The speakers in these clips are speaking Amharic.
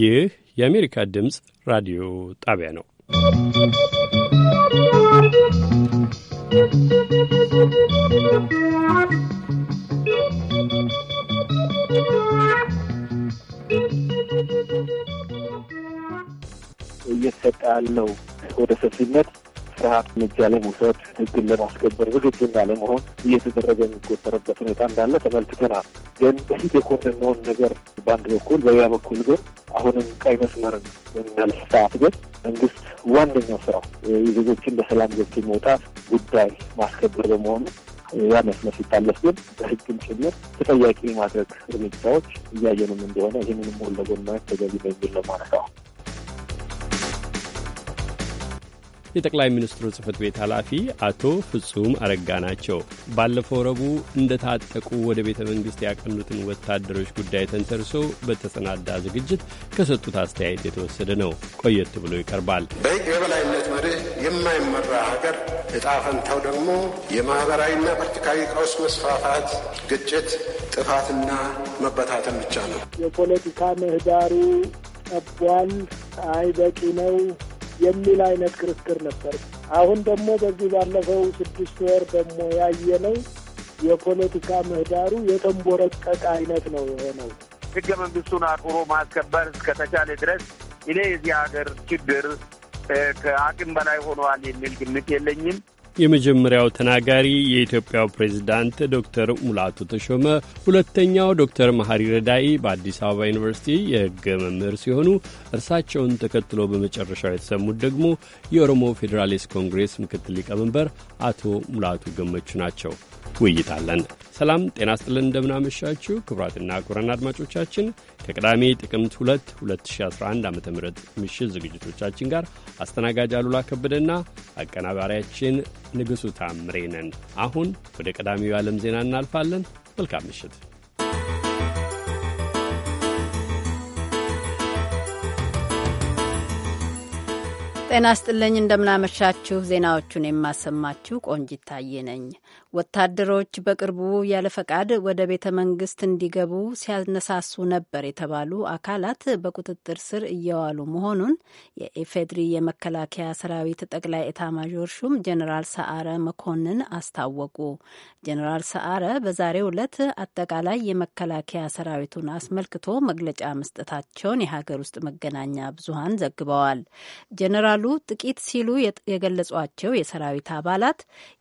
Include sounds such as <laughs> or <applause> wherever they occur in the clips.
ይህ የአሜሪካ ድምፅ ራዲዮ ጣቢያ ነው። እየተሰጠ ያለው ወደ ሰፊነት ፍርሃት እርምጃ ለመውሰድ ህግን ለማስከበር ዝግጁና ለመሆን እየተደረገ የሚቆጠርበት ሁኔታ እንዳለ ተመልክተናል። ግን በፊት የኮነነውን ነገር በአንድ በኩል፣ በያ በኩል ግን አሁንም ቀይ መስመርን በሚያልፍ ሰዓት ግን መንግስት ዋነኛው ስራው የዜጎችን በሰላም ገብቶ መውጣት ጉዳይ ማስከበር በመሆኑ ያ መስመር ሲታለፍ ግን በህግም ጭምር ተጠያቂ ማድረግ እርምጃዎች እያየንም እንደሆነ ይህንንም ወለጎን ማየት ተገቢ በሚል ነው ማለት ነው። የጠቅላይ ሚኒስትሩ ጽህፈት ቤት ኃላፊ አቶ ፍጹም አረጋ ናቸው። ባለፈው ረቡዕ እንደታጠቁ ወደ ቤተ መንግሥት ያቀኑትን ወታደሮች ጉዳይ ተንተርሶ በተሰናዳ ዝግጅት ከሰጡት አስተያየት የተወሰደ ነው። ቆየት ብሎ ይቀርባል። በሕግ የበላይነት መርህ የማይመራ ሀገር እጣ ፈንታው ደግሞ የማኅበራዊና ፖለቲካዊ ቀውስ መስፋፋት፣ ግጭት፣ ጥፋትና መበታተን ብቻ ነው። የፖለቲካ ምህዳሩ ጠቧል። አይ በቂ ነው የሚል አይነት ክርክር ነበር። አሁን ደግሞ በዚህ ባለፈው ስድስት ወር ደግሞ ያየነው የፖለቲካ ምህዳሩ የተንቦረቀቀ አይነት ነው የሆነው። ህገ መንግስቱን አክብሮ ማስከበር እስከተቻለ ድረስ እኔ የዚህ ሀገር ችግር ከአቅም በላይ ሆነዋል የሚል ግምት የለኝም። የመጀመሪያው ተናጋሪ የኢትዮጵያው ፕሬዝዳንት ዶክተር ሙላቱ ተሾመ፣ ሁለተኛው ዶክተር መሐሪ ረዳኢ በአዲስ አበባ ዩኒቨርሲቲ የሕግ መምህር ሲሆኑ እርሳቸውን ተከትሎ በመጨረሻው የተሰሙት ደግሞ የኦሮሞ ፌዴራሊስት ኮንግሬስ ምክትል ሊቀመንበር አቶ ሙላቱ ገመቹ ናቸው። ውይይታለን። ሰላም ጤና ስጥልን፣ እንደምናመሻችሁ ክቡራትና ክቡራን አድማጮቻችን ከቅዳሜ ጥቅምት 2 2011 ዓ ም ምሽት ዝግጅቶቻችን ጋር አስተናጋጅ አሉላ ከበደና አቀናባሪያችን ንጉሡ ታምሬ ነን። አሁን ወደ ቀዳሚው የዓለም ዜና እናልፋለን። መልካም ምሽት። ጤና ስጥልኝ እንደምናመሻችሁ። ዜናዎቹን የማሰማችሁ ቆንጂት ታዬ ነኝ። ወታደሮች በቅርቡ ያለ ፈቃድ ወደ ቤተ መንግስት እንዲገቡ ሲያነሳሱ ነበር የተባሉ አካላት በቁጥጥር ስር እየዋሉ መሆኑን የኢፌድሪ የመከላከያ ሰራዊት ጠቅላይ ኤታማዦር ሹም ጀኔራል ሰዓረ መኮንን አስታወቁ። ጀኔራል ሰዓረ በዛሬው ዕለት አጠቃላይ የመከላከያ ሰራዊቱን አስመልክቶ መግለጫ መስጠታቸውን የሀገር ውስጥ መገናኛ ብዙሃን ዘግበዋል። ጀኔራሉ ጥቂት ሲሉ የገለጿቸው የሰራዊት አባላት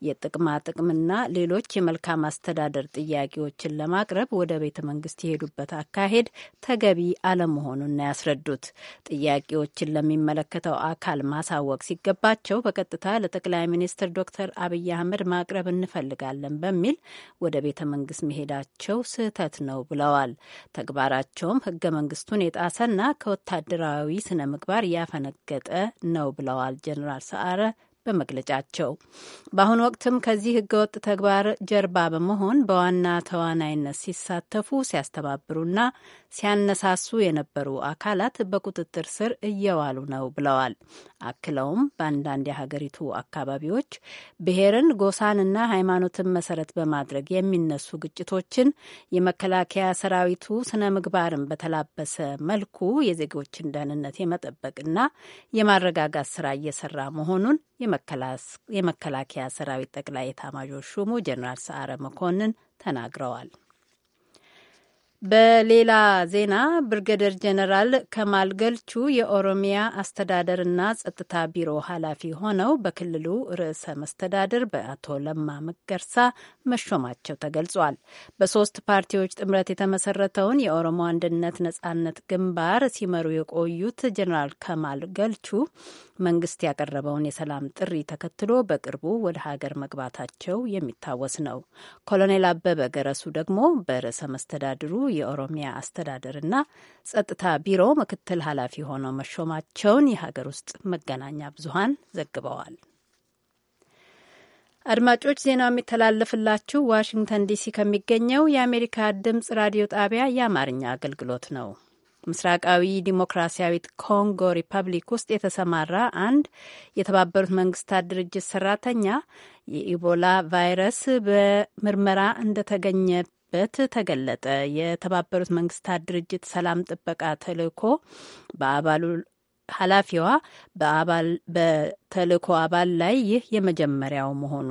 የጥቅማ ጥቅምና ሌሎች የመልካም አስተዳደር ጥያቄዎችን ለማቅረብ ወደ ቤተ መንግስት የሄዱበት አካሄድ ተገቢ አለመሆኑን ያስረዱት ጥያቄዎችን ለሚመለከተው አካል ማሳወቅ ሲገባቸው በቀጥታ ለጠቅላይ ሚኒስትር ዶክተር አብይ አህመድ ማቅረብ እንፈልጋለን በሚል ወደ ቤተ መንግስት መሄዳቸው ስህተት ነው ብለዋል። ተግባራቸውም ህገ መንግስቱን የጣሰና ከወታደራዊ ስነ ምግባር ያፈነገጠ ነው ብለዋል ጀኔራል ሰዓረ በመግለጫቸው በአሁኑ ወቅትም ከዚህ ህገወጥ ተግባር ጀርባ በመሆን በዋና ተዋናይነት ሲሳተፉ ሲያስተባብሩና ሲያነሳሱ የነበሩ አካላት በቁጥጥር ስር እየዋሉ ነው ብለዋል። አክለውም በአንዳንድ የሀገሪቱ አካባቢዎች ብሔርን፣ ጎሳንና ሃይማኖትን መሰረት በማድረግ የሚነሱ ግጭቶችን የመከላከያ ሰራዊቱ ስነ ምግባርን በተላበሰ መልኩ የዜጎችን ደህንነት የመጠበቅና የማረጋጋት ስራ እየሰራ መሆኑን የመከላከያ ሰራዊት ጠቅላይ ኤታማዦር ሹሙ ጀኔራል ሰዓረ መኮንን ተናግረዋል። በሌላ ዜና ብርገደር ጀነራል ከማል ገልቹ የኦሮሚያ አስተዳደርና ጸጥታ ቢሮ ኃላፊ ሆነው በክልሉ ርዕሰ መስተዳድር በአቶ ለማ መገርሳ መሾማቸው ተገልጿል። በሶስት ፓርቲዎች ጥምረት የተመሰረተውን የኦሮሞ አንድነት ነጻነት ግንባር ሲመሩ የቆዩት ጀነራል ከማል ገልቹ መንግስት ያቀረበውን የሰላም ጥሪ ተከትሎ በቅርቡ ወደ ሀገር መግባታቸው የሚታወስ ነው። ኮሎኔል አበበ ገረሱ ደግሞ በርዕሰ መስተዳድሩ የኦሮሚያ አስተዳደርና ጸጥታ ቢሮ ምክትል ኃላፊ ሆነው መሾማቸውን የሀገር ውስጥ መገናኛ ብዙሀን ዘግበዋል። አድማጮች ዜናው የሚተላለፍላችሁ ዋሽንግተን ዲሲ ከሚገኘው የአሜሪካ ድምጽ ራዲዮ ጣቢያ የአማርኛ አገልግሎት ነው። ምስራቃዊ ዲሞክራሲያዊት ኮንጎ ሪፐብሊክ ውስጥ የተሰማራ አንድ የተባበሩት መንግስታት ድርጅት ሰራተኛ የኢቦላ ቫይረስ በምርመራ እንደተገኘ እንዳለበት ተገለጠ። የተባበሩት መንግስታት ድርጅት ሰላም ጥበቃ ተልእኮ በአባሉ ኃላፊዋ በተልእኮ አባል ላይ ይህ የመጀመሪያው መሆኑ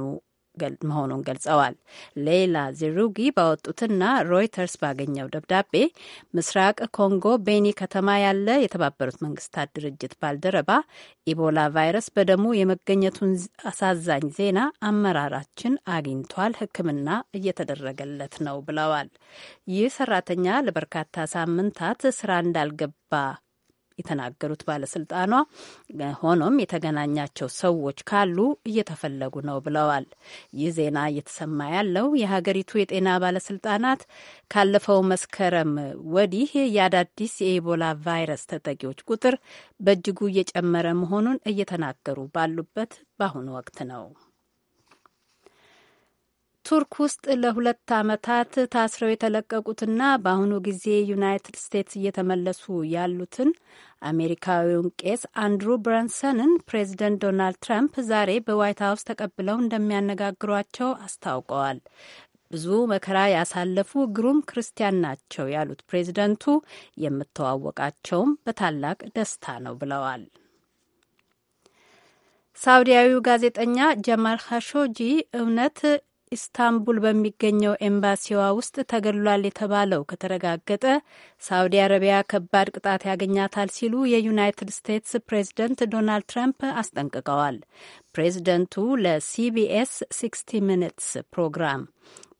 መሆኑን ገልጸዋል። ሌላ ዚሩጊ ባወጡትና ሮይተርስ ባገኘው ደብዳቤ ምስራቅ ኮንጎ ቤኒ ከተማ ያለ የተባበሩት መንግስታት ድርጅት ባልደረባ ኢቦላ ቫይረስ በደሙ የመገኘቱን አሳዛኝ ዜና አመራራችን አግኝቷል፣ ሕክምና እየተደረገለት ነው ብለዋል። ይህ ሰራተኛ ለበርካታ ሳምንታት ስራ እንዳልገባ የተናገሩት ባለስልጣኗ። ሆኖም የተገናኛቸው ሰዎች ካሉ እየተፈለጉ ነው ብለዋል። ይህ ዜና እየተሰማ ያለው የሀገሪቱ የጤና ባለስልጣናት ካለፈው መስከረም ወዲህ የአዳዲስ የኢቦላ ቫይረስ ተጠቂዎች ቁጥር በእጅጉ እየጨመረ መሆኑን እየተናገሩ ባሉበት በአሁኑ ወቅት ነው። ቱርክ ውስጥ ለሁለት ዓመታት ታስረው የተለቀቁትና በአሁኑ ጊዜ ዩናይትድ ስቴትስ እየተመለሱ ያሉትን አሜሪካዊውን ቄስ አንድሩ ብረንሰንን ፕሬዚደንት ዶናልድ ትራምፕ ዛሬ በዋይት ሀውስ ተቀብለው እንደሚያነጋግሯቸው አስታውቀዋል። ብዙ መከራ ያሳለፉ ግሩም ክርስቲያን ናቸው ያሉት ፕሬዚደንቱ የምተዋወቃቸውም በታላቅ ደስታ ነው ብለዋል። ሳውዲያዊው ጋዜጠኛ ጀማል ካሾጂ እውነት ኢስታንቡል በሚገኘው ኤምባሲዋ ውስጥ ተገድሏል የተባለው ከተረጋገጠ ሳውዲ አረቢያ ከባድ ቅጣት ያገኛታል ሲሉ የዩናይትድ ስቴትስ ፕሬዝደንት ዶናልድ ትራምፕ አስጠንቅቀዋል። ፕሬዝደንቱ ለሲቢኤስ 60 ሚኒትስ ፕሮግራም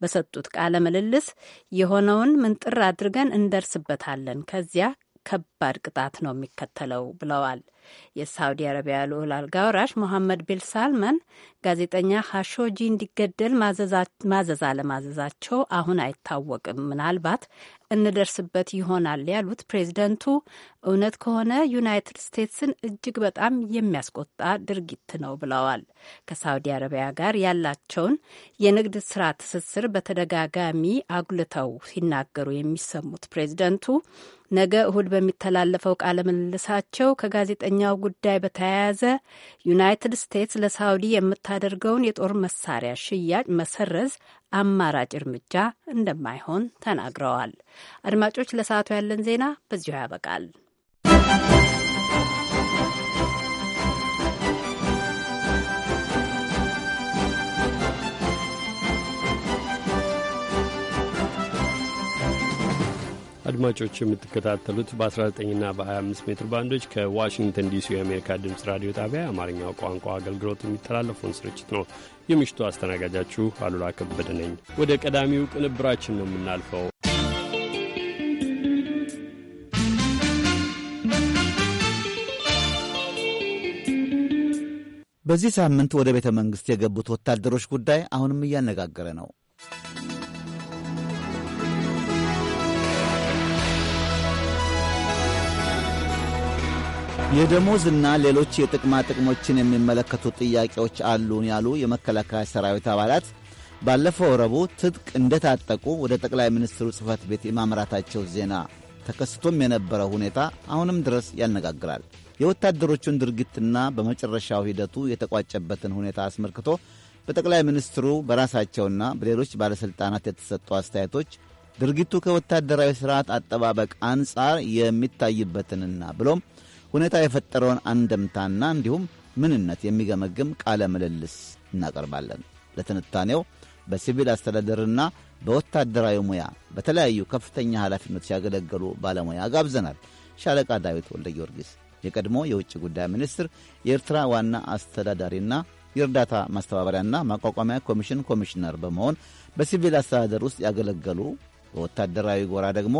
በሰጡት ቃለ ምልልስ የሆነውን ምንጥር አድርገን እንደርስበታለን፣ ከዚያ ከባድ ቅጣት ነው የሚከተለው ብለዋል። የሳውዲ አረቢያ ልዑል አልጋ ወራሽ ሞሐመድ ቢን ሳልመን ጋዜጠኛ ሀሾጂ እንዲገደል ማዘዝ አለማዘዛቸው አሁን አይታወቅም፣ ምናልባት እንደርስበት ይሆናል ያሉት ፕሬዚደንቱ እውነት ከሆነ ዩናይትድ ስቴትስን እጅግ በጣም የሚያስቆጣ ድርጊት ነው ብለዋል። ከሳውዲ አረቢያ ጋር ያላቸውን የንግድ ስራ ትስስር በተደጋጋሚ አጉልተው ሲናገሩ የሚሰሙት ፕሬዚደንቱ ነገ እሁድ በሚተላለፈው ቃለ ምልልሳቸው ከጋዜጠኛው ጉዳይ በተያያዘ ዩናይትድ ስቴትስ ለሳውዲ የምታደርገውን የጦር መሳሪያ ሽያጭ መሰረዝ አማራጭ እርምጃ እንደማይሆን ተናግረዋል። አድማጮች፣ ለሰዓቱ ያለን ዜና በዚሁ ያበቃል። አድማጮች የምትከታተሉት በ19ና በ25 ሜትር ባንዶች ከዋሽንግተን ዲሲ የአሜሪካ ድምፅ ራዲዮ ጣቢያ የአማርኛው ቋንቋ አገልግሎት የሚተላለፈውን ስርጭት ነው። የምሽቱ አስተናጋጃችሁ አሉላ ከበደ ነኝ። ወደ ቀዳሚው ቅንብራችን ነው የምናልፈው። በዚህ ሳምንት ወደ ቤተ መንግሥት የገቡት ወታደሮች ጉዳይ አሁንም እያነጋገረ ነው። የደሞዝ እና ሌሎች የጥቅማ ጥቅሞችን የሚመለከቱ ጥያቄዎች አሉን ያሉ የመከላከያ ሰራዊት አባላት ባለፈው ረቡዕ ትጥቅ እንደታጠቁ ወደ ጠቅላይ ሚኒስትሩ ጽህፈት ቤት የማምራታቸው ዜና ተከስቶም የነበረው ሁኔታ አሁንም ድረስ ያነጋግራል። የወታደሮቹን ድርጊትና በመጨረሻው ሂደቱ የተቋጨበትን ሁኔታ አስመልክቶ በጠቅላይ ሚኒስትሩ በራሳቸውና በሌሎች ባለሥልጣናት የተሰጡ አስተያየቶች ድርጊቱ ከወታደራዊ ሥርዓት አጠባበቅ አንጻር የሚታይበትንና ብሎም ሁኔታ የፈጠረውን አንደምታና እንዲሁም ምንነት የሚገመግም ቃለ ምልልስ እናቀርባለን። ለትንታኔው በሲቪል አስተዳደርና በወታደራዊ ሙያ በተለያዩ ከፍተኛ ኃላፊነት ሲያገለገሉ ባለሙያ ጋብዘናል። ሻለቃ ዳዊት ወልደ ጊዮርጊስ የቀድሞ የውጭ ጉዳይ ሚኒስትር፣ የኤርትራ ዋና አስተዳዳሪና የእርዳታ ማስተባበሪያና ማቋቋሚያ ኮሚሽን ኮሚሽነር በመሆን በሲቪል አስተዳደር ውስጥ ያገለገሉ፣ በወታደራዊ ጎራ ደግሞ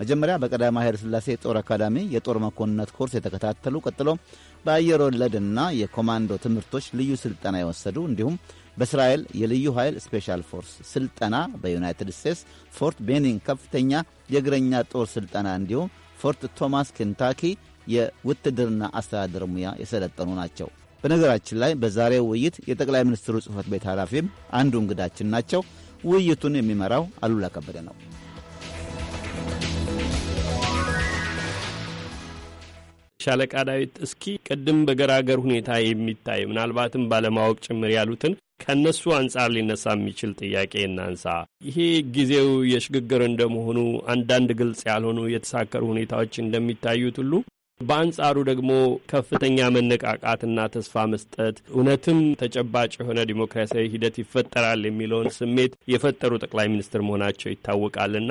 መጀመሪያ በቀዳማዊ ኃይለ ሥላሴ የጦር አካዳሚ የጦር መኮንነት ኮርስ የተከታተሉ ቀጥሎ በአየር ወለድና የኮማንዶ ትምህርቶች ልዩ ስልጠና የወሰዱ እንዲሁም በእስራኤል የልዩ ኃይል ስፔሻል ፎርስ ስልጠና በዩናይትድ ስቴትስ ፎርት ቤኒንግ ከፍተኛ የእግረኛ ጦር ስልጠና እንዲሁም ፎርት ቶማስ ኬንታኪ የውትድርና አስተዳደር ሙያ የሰለጠኑ ናቸው። በነገራችን ላይ በዛሬው ውይይት የጠቅላይ ሚኒስትሩ ጽሕፈት ቤት ኃላፊም አንዱ እንግዳችን ናቸው። ውይይቱን የሚመራው አሉላ ከበደ ነው። ሻለቃ ዳዊት፣ እስኪ ቅድም በገራገር ሁኔታ የሚታይ ምናልባትም ባለማወቅ ጭምር ያሉትን ከእነሱ አንጻር ሊነሳ የሚችል ጥያቄ እናንሳ። ይሄ ጊዜው የሽግግር እንደመሆኑ አንዳንድ ግልጽ ያልሆኑ የተሳከሩ ሁኔታዎች እንደሚታዩት ሁሉ በአንጻሩ ደግሞ ከፍተኛ መነቃቃትና ተስፋ መስጠት እውነትም ተጨባጭ የሆነ ዲሞክራሲያዊ ሂደት ይፈጠራል የሚለውን ስሜት የፈጠሩ ጠቅላይ ሚኒስትር መሆናቸው ይታወቃልና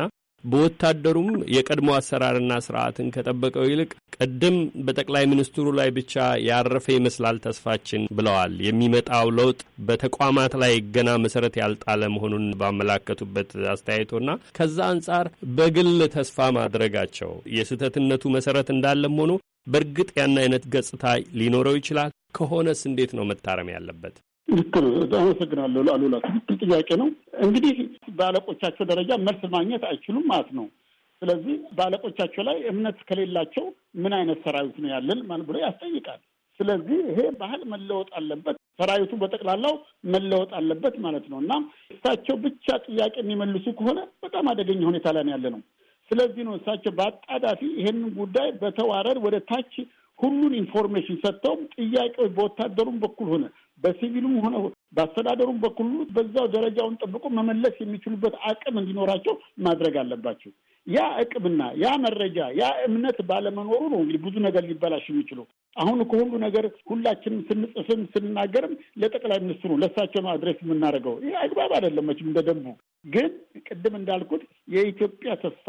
በወታደሩም የቀድሞ አሰራርና ስርዓትን ከጠበቀው ይልቅ ቅድም በጠቅላይ ሚኒስትሩ ላይ ብቻ ያረፈ ይመስላል ተስፋችን ብለዋል። የሚመጣው ለውጥ በተቋማት ላይ ገና መሰረት ያልጣለ መሆኑን ባመላከቱበት አስተያየቶና ከዛ አንጻር በግል ተስፋ ማድረጋቸው የስህተትነቱ መሰረት እንዳለም ሆኖ በእርግጥ ያን አይነት ገጽታ ሊኖረው ይችላል። ከሆነስ እንዴት ነው መታረም ያለበት? ትክክል። አመሰግናለሁ አሉላ። ትክክል ጥያቄ ነው። እንግዲህ በአለቆቻቸው ደረጃ መልስ ማግኘት አይችሉም ማለት ነው። ስለዚህ በአለቆቻቸው ላይ እምነት ከሌላቸው ምን አይነት ሰራዊት ነው ያለን ማለት ብሎ ያስጠይቃል። ስለዚህ ይሄ ባህል መለወጥ አለበት፣ ሰራዊቱ በጠቅላላው መለወጥ አለበት ማለት ነው እና እሳቸው ብቻ ጥያቄ የሚመልሱ ከሆነ በጣም አደገኛ ሁኔታ ላይ ያለ ነው። ስለዚህ ነው እሳቸው በአጣዳፊ ይሄንን ጉዳይ በተዋረድ ወደ ታች ሁሉን ኢንፎርሜሽን ሰጥተውም ጥያቄዎች በወታደሩም በኩል ሆነ በሲቪሉም ሆነ በአስተዳደሩም በኩል በዛው ደረጃውን ጠብቆ መመለስ የሚችሉበት አቅም እንዲኖራቸው ማድረግ አለባቸው። ያ እቅምና ያ መረጃ ያ እምነት ባለመኖሩ ነው እንግዲህ ብዙ ነገር ሊበላሽ የሚችሉ። አሁን ከሁሉ ነገር ሁላችንም ስንጽፍም ስንናገርም ለጠቅላይ ሚኒስትሩ ለእሳቸው አድሬስ የምናደርገው ይህ አግባብ አይደለም መቼም እንደ ደንቡ። ግን ቅድም እንዳልኩት የኢትዮጵያ ተስፋ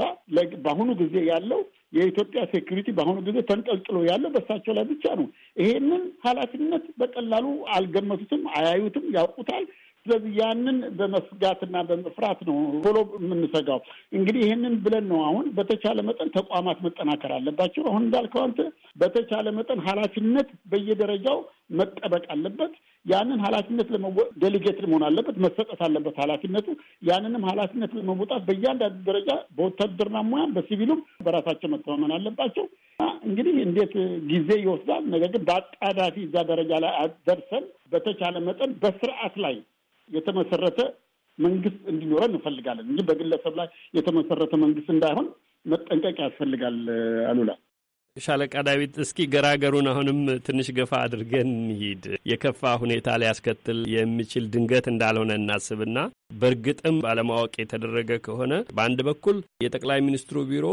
በአሁኑ ጊዜ ያለው የኢትዮጵያ ሴኩሪቲ በአሁኑ ጊዜ ተንጠልጥሎ ያለው በእሳቸው ላይ ብቻ ነው። ይሄንን ኃላፊነት በቀላሉ አልገመቱትም፣ አያዩትም፣ ያውቁታል። ስለዚህ ያንን በመስጋትና በመፍራት ነው ቶሎ የምንሰጋው። እንግዲህ ይህንን ብለን ነው አሁን በተቻለ መጠን ተቋማት መጠናከር አለባቸው። አሁን እንዳልከው አንተ በተቻለ መጠን ኃላፊነት በየደረጃው መጠበቅ አለበት። ያንን ኃላፊነት ለመወ ዴሊጌት መሆን አለበት፣ መሰጠት አለበት ኃላፊነቱ። ያንንም ኃላፊነት ለመወጣት በእያንዳንዱ ደረጃ በወታደርና ሙያ በሲቪሉም በራሳቸው መተማመን አለባቸው። እንግዲህ እንዴት ጊዜ ይወስዳል። ነገር ግን በአጣዳፊ እዛ ደረጃ ላይ ደርሰን በተቻለ መጠን በስርዓት ላይ የተመሰረተ መንግስት እንዲኖረን እንፈልጋለን እንጂ በግለሰብ ላይ የተመሰረተ መንግስት እንዳይሆን መጠንቀቅ ያስፈልጋል። አሉላ ሻለቃ ዳዊት፣ እስኪ ገራገሩን አሁንም ትንሽ ገፋ አድርገን እንሂድ። የከፋ ሁኔታ ሊያስከትል የሚችል ድንገት እንዳልሆነ እናስብና በእርግጥም ባለማወቅ የተደረገ ከሆነ በአንድ በኩል የጠቅላይ ሚኒስትሩ ቢሮ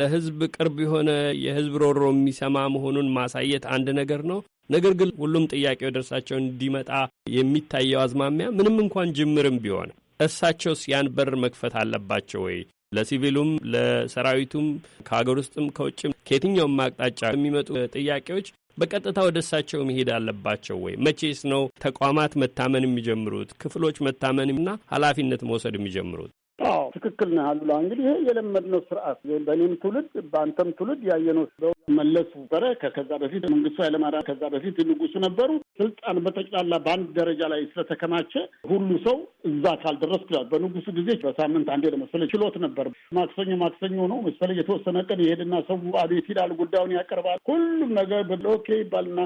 ለህዝብ ቅርብ የሆነ የህዝብ ሮሮ የሚሰማ መሆኑን ማሳየት አንድ ነገር ነው። ነገር ግን ሁሉም ጥያቄ ወደ እርሳቸው እንዲመጣ የሚታየው አዝማሚያ ምንም እንኳን ጅምርም ቢሆን እርሳቸውስ ያን በር መክፈት አለባቸው ወይ? ለሲቪሉም ለሰራዊቱም ከሀገር ውስጥም ከውጭም ከየትኛውም አቅጣጫ የሚመጡ ጥያቄዎች በቀጥታ ወደ እሳቸው መሄድ አለባቸው ወይ? መቼስ ነው ተቋማት መታመን የሚጀምሩት? ክፍሎች መታመንና ኃላፊነት መውሰድ የሚጀምሩት? አዎ ትክክል ነህ አሉላ። እንግዲህ ይሄ የለመድነው ስርዓት በእኔም ትውልድ በአንተም ትውልድ ያየነው ሰው መለሱ ነበረ። ከዛ በፊት መንግስቱ ኃይለማርያም ከዛ በፊት ንጉሱ ነበሩ። ስልጣን በጠቅላላ በአንድ ደረጃ ላይ ስለተከማቸ ሁሉ ሰው እዛ ካልደረስ ይላል። በንጉሱ ጊዜ በሳምንት አንዴ ለመሰለ ችሎት ነበር። ማክሰኞ ማክሰኞ ነው መሰለ የተወሰነ ቀን ይሄድና ሰው አቤት ይላል፣ ጉዳዩን ያቀርባል። ሁሉም ነገር ኦኬ ይባልና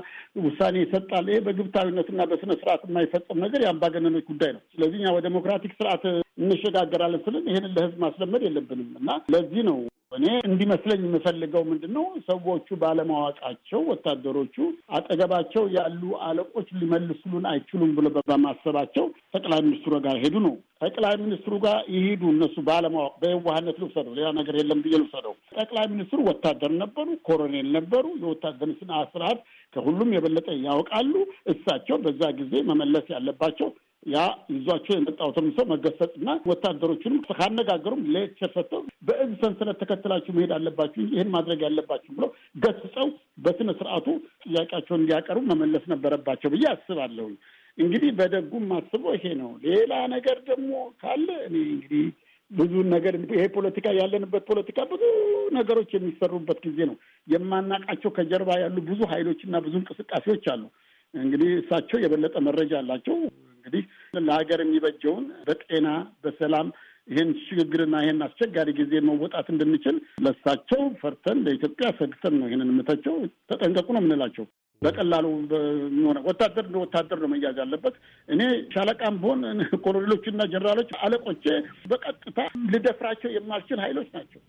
ውሳኔ ይሰጣል። ይሄ በግብታዊነትና በስነ ስርዓት የማይፈጸም ነገር የአምባገነኖች ጉዳይ ነው። ስለዚህ እኛ ወደ ዴሞክራቲክ ስርዓት እንሸጋገራለን የሚሉትንን ይህንን ለህዝብ ማስለመድ የለብንም እና ለዚህ ነው እኔ እንዲመስለኝ የምፈልገው ምንድን ነው ሰዎቹ ባለማወቃቸው ወታደሮቹ አጠገባቸው ያሉ አለቆች ሊመልስሉን አይችሉም ብሎ በማሰባቸው ጠቅላይ ሚኒስትሩ ጋር ሄዱ ነው። ጠቅላይ ሚኒስትሩ ጋር ይሄዱ እነሱ ባለማወቅ በየዋህነት ልውሰደው፣ ሌላ ነገር የለም ብዬ ልውሰደው። ጠቅላይ ሚኒስትሩ ወታደር ነበሩ፣ ኮሎኔል ነበሩ። የወታደር ስነ ስርዓት ከሁሉም የበለጠ ያውቃሉ። እሳቸው በዛ ጊዜ መመለስ ያለባቸው ያ ይዟቸው የመጣሁትን ሰው መገሰጽና ወታደሮቹንም ካነጋገሩም ሌክቸር ሰጥተው በእዝ ሰንሰለት ተከትላችሁ መሄድ አለባችሁ እንጂ ይህን ማድረግ ያለባችሁ ብለው ገስጸው በስነ ስርዓቱ ጥያቄያቸውን እንዲያቀርቡ መመለስ ነበረባቸው ብዬ አስባለሁ። እንግዲህ በደጉም አስበው ይሄ ነው። ሌላ ነገር ደግሞ ካለ እኔ እንግዲህ ብዙ ነገር ይሄ ፖለቲካ ያለንበት ፖለቲካ ብዙ ነገሮች የሚሰሩበት ጊዜ ነው። የማናቃቸው ከጀርባ ያሉ ብዙ ኃይሎች እና ብዙ እንቅስቃሴዎች አሉ። እንግዲህ እሳቸው የበለጠ መረጃ አላቸው። እንግዲህ ለሀገር የሚበጀውን በጤና በሰላም ይህን ሽግግርና ይህን አስቸጋሪ ጊዜ መወጣት እንድንችል ለሳቸው ፈርተን ለኢትዮጵያ ሰግተን ነው ይህንን የምተቸው። ተጠንቀቁ ነው የምንላቸው። በቀላሉ ሆነ ወታደር እንደ ወታደር ነው መያዝ ያለበት። እኔ ሻለቃም ብሆን <laughs> ኮሎኔሎችና ጀኔራሎች አለቆቼ በቀጥታ ልደፍራቸው የማልችል ኃይሎች ናቸው።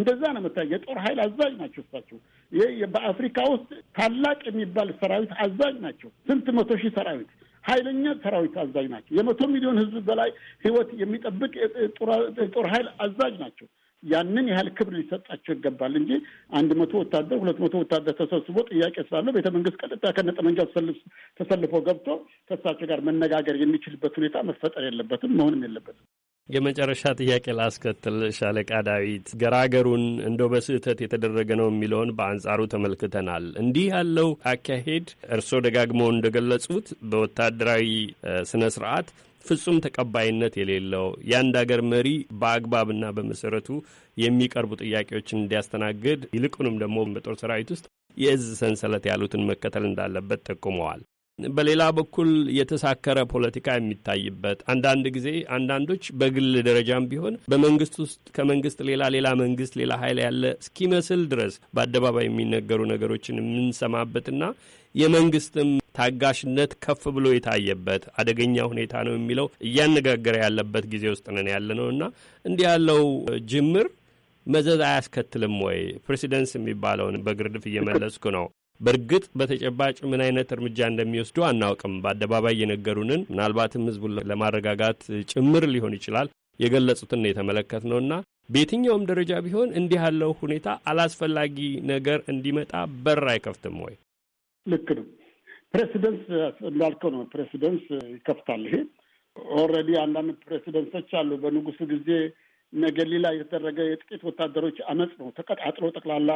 እንደዛ ነው መታ የጦር ኃይል አዛዥ ናቸው እሳቸው። ይህ በአፍሪካ ውስጥ ታላቅ የሚባል ሰራዊት አዛዥ ናቸው። ስንት መቶ ሺህ ሰራዊት ኃይለኛ ሰራዊት አዛዥ ናቸው። የመቶ ሚሊዮን ህዝብ በላይ ህይወት የሚጠብቅ የጦር ኃይል አዛዥ ናቸው። ያንን ያህል ክብር ሊሰጣቸው ይገባል እንጂ አንድ መቶ ወታደር ሁለት መቶ ወታደር ተሰብስቦ ጥያቄ ስላለው ቤተ መንግስት ቀጥታ ከነጠመንጃው ተሰልፎ ገብቶ ከእሳቸው ጋር መነጋገር የሚችልበት ሁኔታ መፈጠር የለበትም፣ መሆንም የለበትም። የመጨረሻ ጥያቄ ላስከትል። ሻለቃ ዳዊት ገራገሩን እንደው በስህተት የተደረገ ነው የሚለውን በአንጻሩ ተመልክተናል። እንዲህ ያለው አካሄድ እርስዎ ደጋግመው እንደገለጹት በወታደራዊ ስነ ስርዓት ፍጹም ተቀባይነት የሌለው የአንድ አገር መሪ በአግባብና በመሰረቱ የሚቀርቡ ጥያቄዎችን እንዲያስተናግድ ይልቁንም ደግሞ በጦር ሰራዊት ውስጥ የእዝ ሰንሰለት ያሉትን መከተል እንዳለበት ጠቁመዋል። በሌላ በኩል የተሳከረ ፖለቲካ የሚታይበት አንዳንድ ጊዜ አንዳንዶች በግል ደረጃም ቢሆን በመንግስት ውስጥ ከመንግስት ሌላ ሌላ መንግስት ሌላ ኃይል ያለ እስኪመስል ድረስ በአደባባይ የሚነገሩ ነገሮችን የምንሰማበትና የመንግስትም ታጋሽነት ከፍ ብሎ የታየበት አደገኛ ሁኔታ ነው የሚለው እያነጋገረ ያለበት ጊዜ ውስጥ ነን ያለ ነው እና እንዲህ ያለው ጅምር መዘዝ አያስከትልም ወይ? ፕሬሲደንስ የሚባለውን በግርድፍ እየመለስኩ ነው። በእርግጥ በተጨባጭ ምን አይነት እርምጃ እንደሚወስዱ አናውቅም። በአደባባይ የነገሩንን ምናልባትም ህዝቡን ለማረጋጋት ጭምር ሊሆን ይችላል የገለጹትን የተመለከት ነውና በየትኛውም ደረጃ ቢሆን እንዲህ ያለው ሁኔታ አላስፈላጊ ነገር እንዲመጣ በር አይከፍትም ወይ? ልክ ነው። ፕሬሲደንት እንዳልከው ነው። ፕሬሲደንት ይከፍታል። ይሄ ኦልሬዲ አንዳንድ ፕሬሲደንቶች አሉ። በንጉሱ ጊዜ ነገሊላ የተደረገ የጥቂት ወታደሮች አመፅ ነው ተቀጣጥሎ ጠቅላላ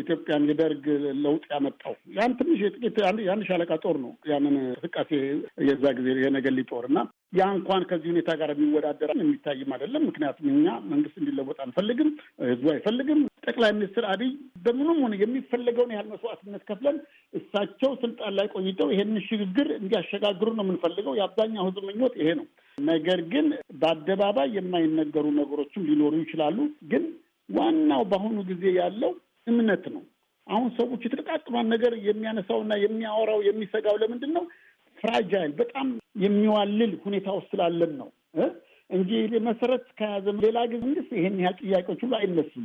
ኢትዮጵያን የደርግ ለውጥ ያመጣው ያን ትንሽ የጥቂት የአንድ ሻለቃ ጦር ነው ያንን እንቅስቃሴ የዛ ጊዜ የነገሌ ጦር እና ያ እንኳን ከዚህ ሁኔታ ጋር የሚወዳደር የሚታይም አይደለም። ምክንያቱም እኛ መንግስት እንዲለወጥ አንፈልግም፣ ህዝቡ አይፈልግም። ጠቅላይ ሚኒስትር አብይ በምኑም ሆነ የሚፈለገውን ያህል መስዋዕትነት ከፍለን እሳቸው ስልጣን ላይ ቆይተው ይሄንን ሽግግር እንዲያሸጋግሩ ነው የምንፈልገው። የአብዛኛው ህዝብ ምኞት ይሄ ነው። ነገር ግን በአደባባይ የማይነገሩ ነገሮችም ሊኖሩ ይችላሉ። ግን ዋናው በአሁኑ ጊዜ ያለው እምነት ነው። አሁን ሰዎች የተጠቃቅሏን ነገር የሚያነሳውና የሚያወራው የሚሰጋው ለምንድን ነው? ፍራጃይል በጣም የሚዋልል ሁኔታ ውስጥ ስላለን ነው እንጂ መሰረት ከያዘ ሌላ ጊዜ መንግስት ይሄን ያህል ጥያቄዎች ሁሉ አይነሱም።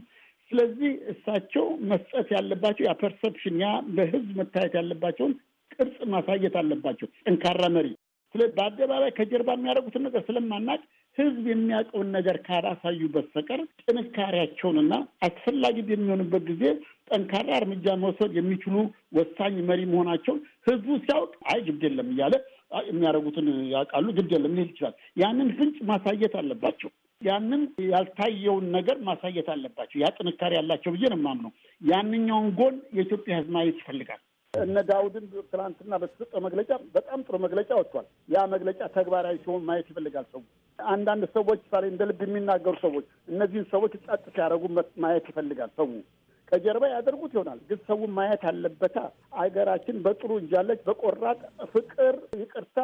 ስለዚህ እሳቸው መስጠት ያለባቸው ያ ፐርሰፕሽን ያ በህዝብ መታየት ያለባቸውን ቅርጽ ማሳየት አለባቸው። ጠንካራ መሪ ስለ በአደባባይ ከጀርባ የሚያደርጉትን ነገር ስለማናቅ ህዝብ የሚያውቀውን ነገር ካላሳዩ በስተቀር ጥንካሬያቸውንና አስፈላጊ በሚሆንበት ጊዜ ጠንካራ እርምጃ መውሰድ የሚችሉ ወሳኝ መሪ መሆናቸውን ህዝቡ ሲያውቅ አይ ግድ የለም እያለ የሚያደርጉትን ያውቃሉ፣ ግድ የለም ሊል ይችላል። ያንን ፍንጭ ማሳየት አለባቸው። ያንን ያልታየውን ነገር ማሳየት አለባቸው። ያ ጥንካሬ ያላቸው ብዬ ነው የማምነው። ያንኛውን ጎን የኢትዮጵያ ህዝብ ማየት ይፈልጋል። እነ ዳውድን ትናንትና በተሰጠው መግለጫ በጣም ጥሩ መግለጫ ወጥቷል። ያ መግለጫ ተግባራዊ ሲሆን ማየት ይፈልጋል ሰው አንዳንድ ሰዎች ሳ እንደ ልብ የሚናገሩ ሰዎች እነዚህን ሰዎች ጸጥ ሲያደርጉ ማየት ይፈልጋል ሰው። ከጀርባ ያደርጉት ይሆናል ግን ሰው ማየት አለበታ። አገራችን በጥሩ እንጃለች። በቆራጥ ፍቅር፣ ይቅርታ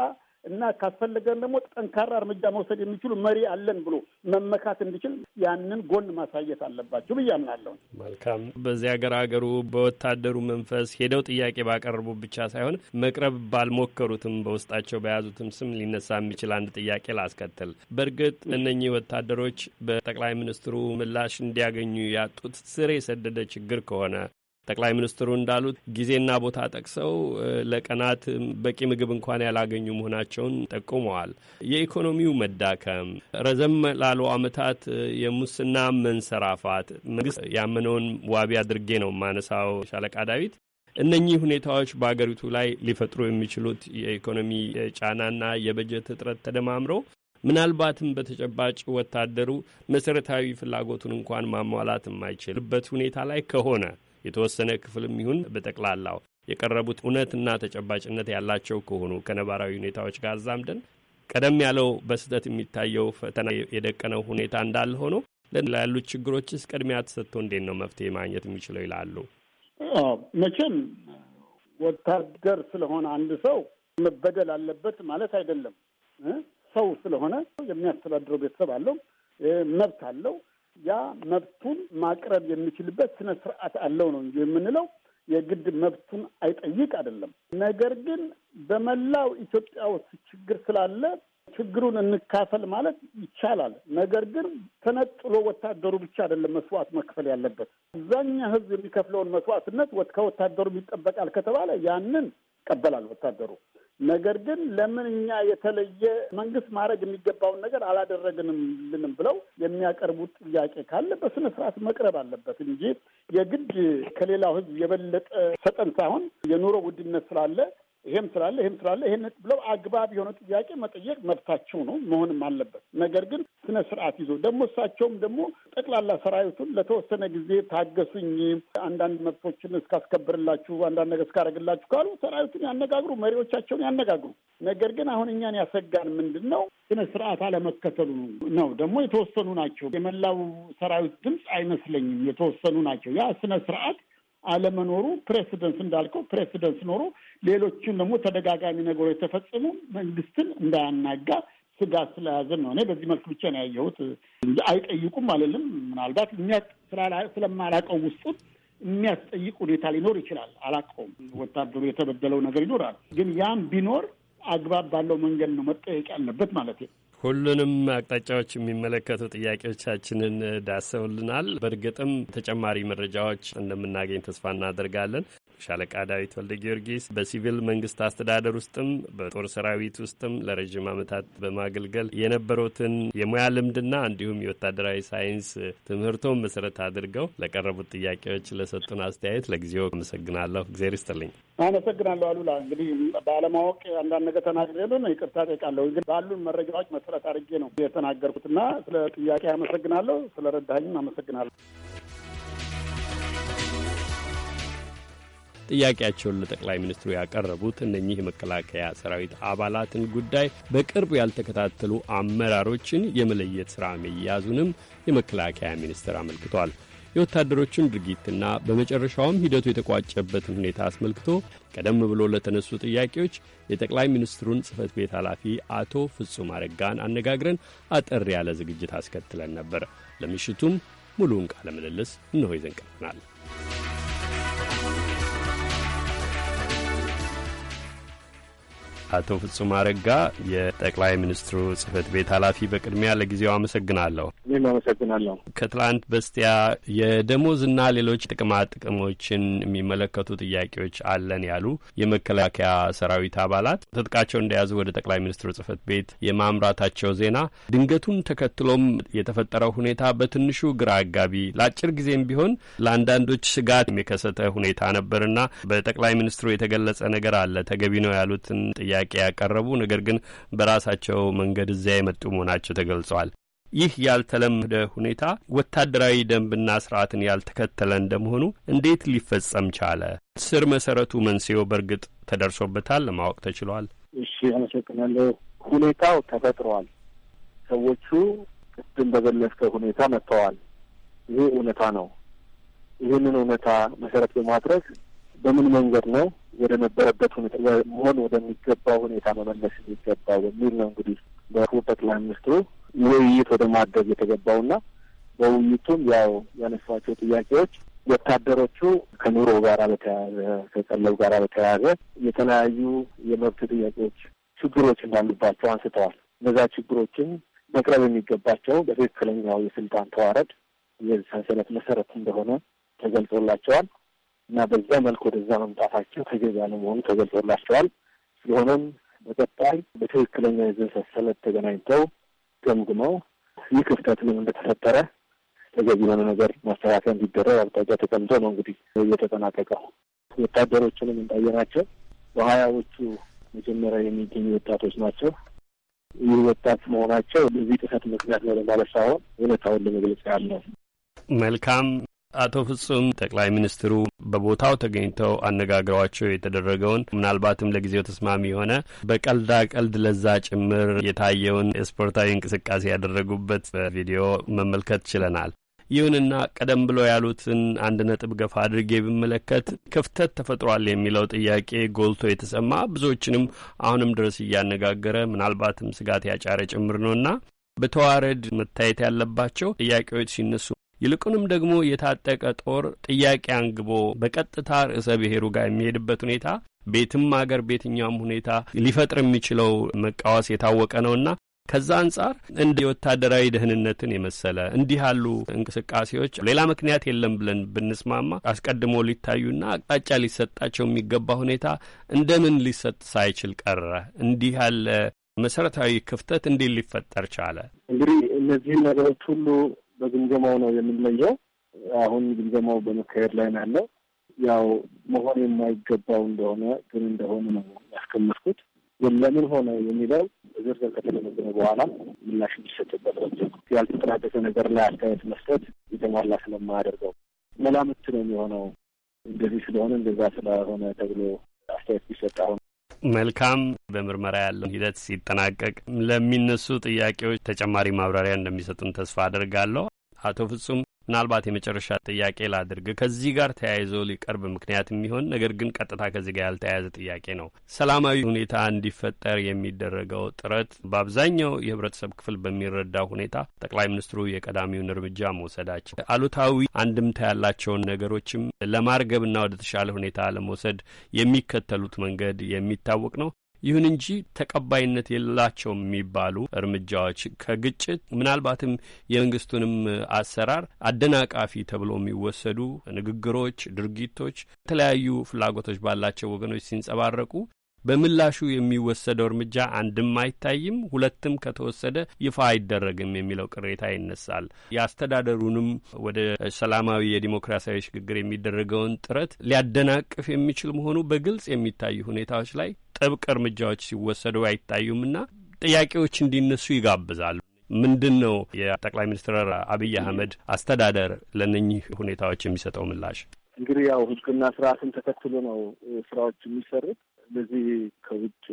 እና ካስፈለገን ደግሞ ጠንካራ እርምጃ መውሰድ የሚችሉ መሪ አለን ብሎ መመካት እንዲችል ያንን ጎን ማሳየት አለባቸው ብዬ አምናለሁ። መልካም። በዚህ ሀገር ሀገሩ በወታደሩ መንፈስ ሄደው ጥያቄ ባቀረቡ ብቻ ሳይሆን መቅረብ ባልሞከሩትም በውስጣቸው በያዙትም ስም ሊነሳ የሚችል አንድ ጥያቄ ላስከትል። በእርግጥ እነኚህ ወታደሮች በጠቅላይ ሚኒስትሩ ምላሽ እንዲያገኙ ያጡት ስር የሰደደ ችግር ከሆነ ጠቅላይ ሚኒስትሩ እንዳሉት ጊዜና ቦታ ጠቅሰው ለቀናት በቂ ምግብ እንኳን ያላገኙ መሆናቸውን ጠቁመዋል። የኢኮኖሚው መዳከም፣ ረዘም ላሉ ዓመታት የሙስና መንሰራፋት መንግስት ያመነውን ዋቢ አድርጌ ነው ማነሳው ሻለቃ ዳዊት፣ እነኚህ ሁኔታዎች በአገሪቱ ላይ ሊፈጥሩ የሚችሉት የኢኮኖሚ ጫናና የበጀት እጥረት ተደማምሮ ምናልባትም በተጨባጭ ወታደሩ መሰረታዊ ፍላጎቱን እንኳን ማሟላት የማይችልበት ሁኔታ ላይ ከሆነ የተወሰነ ክፍልም ይሁን በጠቅላላው የቀረቡት እውነትና ተጨባጭነት ያላቸው ከሆኑ ከነባራዊ ሁኔታዎች ጋር ዛምደን ቀደም ያለው በስህተት የሚታየው ፈተና የደቀነው ሁኔታ እንዳለ ሆኖ ላሉት ችግሮችስ ቅድሚያ ተሰጥቶ እንዴት ነው መፍትሄ ማግኘት የሚችለው ይላሉ። መቼም ወታደር ስለሆነ አንድ ሰው መበደል አለበት ማለት አይደለም። ሰው ስለሆነ የሚያስተዳድረው ቤተሰብ አለው፣ መብት አለው። ያ መብቱን ማቅረብ የሚችልበት ስነ ስርዓት አለው ነው እንጂ የምንለው የግድ መብቱን አይጠይቅ አይደለም። ነገር ግን በመላው ኢትዮጵያ ውስጥ ችግር ስላለ ችግሩን እንካፈል ማለት ይቻላል። ነገር ግን ተነጥሎ ወታደሩ ብቻ አይደለም መስዋዕት መክፈል ያለበት። አብዛኛ ህዝብ የሚከፍለውን መስዋዕትነት ከወታደሩ ይጠበቃል ከተባለ ያንን ይቀበላል ወታደሩ። ነገር ግን ለምን እኛ የተለየ መንግስት ማድረግ የሚገባውን ነገር አላደረግንም ልንም ብለው የሚያቀርቡት ጥያቄ ካለ በስነ ስርዓት መቅረብ አለበት እንጂ የግድ ከሌላው ህዝብ የበለጠ ሰጠን ሳይሆን የኑሮ ውድነት ስላለ ይሄም ስላለ ይሄም ስላለ ይሄን ብለው አግባብ የሆነ ጥያቄ መጠየቅ መብታቸው ነው፣ መሆንም አለበት። ነገር ግን ስነ ስርዓት ይዞ ደግሞ እሳቸውም ደግሞ ጠቅላላ ሰራዊቱን ለተወሰነ ጊዜ ታገሱኝ፣ አንዳንድ መብቶችን እስካስከብርላችሁ፣ አንዳንድ ነገር እስካደረግላችሁ ካሉ ሰራዊቱን ያነጋግሩ፣ መሪዎቻቸውን ያነጋግሩ። ነገር ግን አሁን እኛን ያሰጋን ምንድን ነው? ስነ ስርዓት አለመከተሉ ነው። ደግሞ የተወሰኑ ናቸው። የመላው ሰራዊት ድምፅ አይመስለኝም፣ የተወሰኑ ናቸው። ያ ስነ ስርዓት አለመኖሩ ፕሬሲደንስ እንዳልከው ፕሬሲደንስ ኖሮ ሌሎችን ደግሞ ተደጋጋሚ ነገሮች የተፈጸሙ መንግስትን እንዳያናጋ ስጋት ስለያዘ ነው። እኔ በዚህ መልክ ብቻ ነው ያየሁት። አይጠይቁም አልልም። ምናልባት ስለማላቀው ውስጡን የሚያስጠይቅ ሁኔታ ሊኖር ይችላል። አላቀውም። ወታደሩ የተበደለው ነገር ይኖራል። ግን ያም ቢኖር አግባብ ባለው መንገድ ነው መጠየቅ ያለበት ማለት ነው። ሁሉንም አቅጣጫዎች የሚመለከቱ ጥያቄዎቻችንን ዳሰውልናል። በእርግጥም ተጨማሪ መረጃዎች እንደምናገኝ ተስፋ እናደርጋለን። ሻለቃ ዳዊት ወልደ ጊዮርጊስ በሲቪል መንግስት አስተዳደር ውስጥም በጦር ሰራዊት ውስጥም ለረዥም ዓመታት በማገልገል የነበሩትን የሙያ ልምድና እንዲሁም የወታደራዊ ሳይንስ ትምህርቶን መሰረት አድርገው ለቀረቡት ጥያቄዎች ለሰጡን አስተያየት ለጊዜው አመሰግናለሁ። እግዜር ይስጥልኝ። አመሰግናለሁ አሉላ። እንግዲህ ባለማወቅ አንዳንድ ነገር ተናግሬ ነው ይቅርታ ጠይቃለሁ። ግን ባሉን መረጃዎች መሰረት አድርጌ ነው የተናገርኩትና ስለ ጥያቄ አመሰግናለሁ። ስለ ረዳኝም አመሰግናለሁ። ጥያቄያቸውን ለጠቅላይ ሚኒስትሩ ያቀረቡት እነኚህ የመከላከያ ሰራዊት አባላትን ጉዳይ በቅርብ ያልተከታተሉ አመራሮችን የመለየት ሥራ መያዙንም የመከላከያ ሚኒስትር አመልክቷል። የወታደሮቹን ድርጊትና በመጨረሻውም ሂደቱ የተቋጨበትን ሁኔታ አስመልክቶ ቀደም ብሎ ለተነሱ ጥያቄዎች የጠቅላይ ሚኒስትሩን ጽህፈት ቤት ኃላፊ አቶ ፍጹም አረጋን አነጋግረን አጠር ያለ ዝግጅት አስከትለን ነበር። ለምሽቱም ሙሉውን ቃለ ምልልስ እንሆ ይዘን ቀርበናል። አቶ ፍጹም አረጋ የጠቅላይ ሚኒስትሩ ጽህፈት ቤት ኃላፊ፣ በቅድሚያ ለጊዜው አመሰግናለሁ። እኔም አመሰግናለሁ። ከትላንት በስቲያ የደሞዝና ሌሎች ጥቅማ ጥቅሞችን የሚመለከቱ ጥያቄዎች አለን ያሉ የመከላከያ ሰራዊት አባላት ትጥቃቸው እንደያዙ ወደ ጠቅላይ ሚኒስትሩ ጽህፈት ቤት የማምራታቸው ዜና ድንገቱን ተከትሎም የተፈጠረው ሁኔታ በትንሹ ግራ አጋቢ፣ ለአጭር ጊዜም ቢሆን ለአንዳንዶች ስጋት የከሰተ ሁኔታ ነበርና በጠቅላይ ሚኒስትሩ የተገለጸ ነገር አለ ተገቢ ነው ያሉትን ጥያቄ ጥያቄ ያቀረቡ ነገር ግን በራሳቸው መንገድ እዚያ የመጡ መሆናቸው ተገልጸዋል። ይህ ያልተለመደ ሁኔታ ወታደራዊ ደንብና ስርዓትን ያልተከተለ እንደመሆኑ እንዴት ሊፈጸም ቻለ? ስር መሰረቱ፣ መንስኤው በእርግጥ ተደርሶበታል ለማወቅ ተችሏል? እሺ፣ አመሰግናለሁ። ሁኔታው ተፈጥሯል። ሰዎቹ ቅድም በገለጽከው ሁኔታ መጥተዋል። ይህ እውነታ ነው። ይህንን እውነታ መሰረት በማድረግ በምን መንገድ ነው ወደ ነበረበት ሁኔታ መሆን ወደሚገባው ሁኔታ መመለስ የሚገባው በሚል ነው እንግዲህ በክቡር ጠቅላይ ሚኒስትሩ ውይይት ወደ ማድረግ የተገባውና በውይይቱም ያው ያነሷቸው ጥያቄዎች ወታደሮቹ ከኑሮ ጋር በተያያዘ ከጸለው ጋር በተያያዘ የተለያዩ የመብት ጥያቄዎች ችግሮች እንዳሉባቸው አንስተዋል። እነዛ ችግሮችን መቅረብ የሚገባቸው በትክክለኛው የስልጣን ተዋረድ የሰንሰለት መሰረት እንደሆነ ተገልጾላቸዋል። እና በዛ መልክ ወደዛ መምጣታቸው ተገቢ አለመሆኑ ተገልጾላቸዋል። ስለሆነም በቀጣይ በትክክለኛ የዘር ሰንሰለት ተገናኝተው ገምግመው ይህ ክፍተት ምን እንደተፈጠረ ተገቢ የሆነ ነገር ማስተካከያ እንዲደረግ አቅጣጫ ተቀምጦ ነው እንግዲህ እየተጠናቀቀው። ወታደሮችንም እንጣየናቸው በሀያዎቹ መጀመሪያ የሚገኙ ወጣቶች ናቸው። ይህ ወጣት መሆናቸው በዚህ ጥሰት ምክንያት ነው ለማለት ሳይሆን እውነታውን ለመግለጽ ያለው መልካም አቶ ፍጹም ጠቅላይ ሚኒስትሩ በቦታው ተገኝተው አነጋግሯቸው የተደረገውን ምናልባትም ለጊዜው ተስማሚ የሆነ በቀልዳ ቀልድ ለዛ ጭምር የታየውን ስፖርታዊ እንቅስቃሴ ያደረጉበት ቪዲዮ መመልከት ችለናል። ይሁንና ቀደም ብሎ ያሉትን አንድ ነጥብ ገፋ አድርጌ ብመለከት ክፍተት ተፈጥሯል የሚለው ጥያቄ ጎልቶ የተሰማ ብዙዎችንም አሁንም ድረስ እያነጋገረ ምናልባትም ስጋት ያጫረ ጭምር ነውና በተዋረድ መታየት ያለባቸው ጥያቄዎች ሲነሱ ይልቁንም ደግሞ የታጠቀ ጦር ጥያቄ አንግቦ በቀጥታ ርዕሰ ብሔሩ ጋር የሚሄድበት ሁኔታ ቤትም አገር ቤትኛውም ሁኔታ ሊፈጥር የሚችለው መቃወስ የታወቀ ነውና ከዛ አንጻር እንደ የወታደራዊ ደህንነትን የመሰለ እንዲህ ያሉ እንቅስቃሴዎች ሌላ ምክንያት የለም ብለን ብንስማማ አስቀድሞ ሊታዩና አቅጣጫ ሊሰጣቸው የሚገባ ሁኔታ እንደምን ሊሰጥ ሳይችል ቀረ? እንዲህ ያለ መሰረታዊ ክፍተት እንዴት ሊፈጠር ቻለ? እንግዲህ እነዚህ ነገሮች ሁሉ በግምገማው ነው የምንለየው። አሁን ግምገማው በመካሄድ ላይ ነው ያለው። ያው መሆን የማይገባው እንደሆነ ግን እንደሆነ ነው ያስቀመጥኩት። ለምን ሆነ የሚለው ዝርዝር ከተገመገመ በኋላ ምላሽ እንዲሰጥበት ወጀ ያልተጠናቀቀ ነገር ላይ አስተያየት መስጠት የተሟላ ስለማያደርገው መላምት ነው የሚሆነው። እንደዚህ ስለሆነ እንደዛ ስለሆነ ተብሎ አስተያየት ቢሰጥ አሁን መልካም። በምርመራ ያለው ሂደት ሲጠናቀቅ ለሚነሱ ጥያቄዎች ተጨማሪ ማብራሪያ እንደሚሰጡን ተስፋ አድርጋለሁ። አቶ ፍጹም ምናልባት የመጨረሻ ጥያቄ ላድርግ። ከዚህ ጋር ተያይዞ ሊቀርብ ምክንያት የሚሆን ነገር ግን ቀጥታ ከዚህ ጋር ያልተያያዘ ጥያቄ ነው። ሰላማዊ ሁኔታ እንዲፈጠር የሚደረገው ጥረት በአብዛኛው የህብረተሰብ ክፍል በሚረዳ ሁኔታ ጠቅላይ ሚኒስትሩ የቀዳሚውን እርምጃ መውሰዳቸው አሉታዊ አንድምታ ያላቸውን ነገሮችም ለማርገብና ወደ ተሻለ ሁኔታ ለመውሰድ የሚከተሉት መንገድ የሚታወቅ ነው። ይሁን እንጂ ተቀባይነት የሌላቸው የሚባሉ እርምጃዎች ከግጭት ምናልባትም የመንግስቱንም አሰራር አደናቃፊ ተብሎ የሚወሰዱ ንግግሮች፣ ድርጊቶች የተለያዩ ፍላጎቶች ባላቸው ወገኖች ሲንጸባረቁ በምላሹ የሚወሰደው እርምጃ አንድም አይታይም፣ ሁለትም ከተወሰደ ይፋ አይደረግም የሚለው ቅሬታ ይነሳል። የአስተዳደሩንም ወደ ሰላማዊ የዲሞክራሲያዊ ሽግግር የሚደረገውን ጥረት ሊያደናቅፍ የሚችል መሆኑ በግልጽ የሚታዩ ሁኔታዎች ላይ ጥብቅ እርምጃዎች ሲወሰዱ አይታዩምና ጥያቄዎች እንዲነሱ ይጋብዛሉ። ምንድን ነው የጠቅላይ ሚኒስትር አብይ አህመድ አስተዳደር ለነኚህ ሁኔታዎች የሚሰጠው ምላሽ? እንግዲህ ያው ሕግና ስርዓትን ተከትሎ ነው ስራዎች የሚሰሩት። ስለዚህ ከውጭ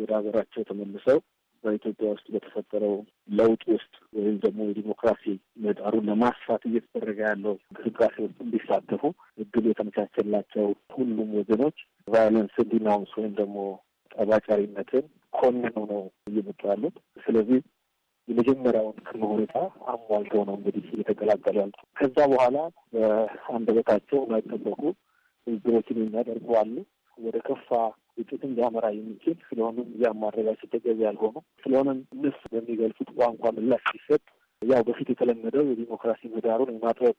ወደ ሀገራቸው ተመልሰው በኢትዮጵያ ውስጥ በተፈጠረው ለውጥ ውስጥ ወይም ደግሞ የዲሞክራሲ ምህዳሩን ለማስፋት እየተደረገ ያለው እንቅስቃሴ ውስጥ እንዲሳተፉ እድል የተመቻቸላቸው ሁሉም ወገኖች ቫዮለንስ እንዲናውንስ ወይም ደግሞ ጠባጫሪነትን ኮንነው ነው እየመጡ ያሉት። ስለዚህ የመጀመሪያውን ክል ሁኔታ አሟልተው ነው እንግዲህ እየተቀላቀሉ ያሉት። ከዛ በኋላ በአንደበታቸው ማይጠበቁ ንግግሮችን የሚያደርጉ አሉ። ወደ ከፋ ውጤት እንዲያመራ የሚችል ስለሆነ እዚያም ማድረጋቸው ተገቢ ያልሆኑ ስለሆነም እነሱ በሚገልፉት ቋንቋ ምላሽ ሲሰጥ ያው በፊት የተለመደው የዲሞክራሲ ምህዳሩን የማጥበብ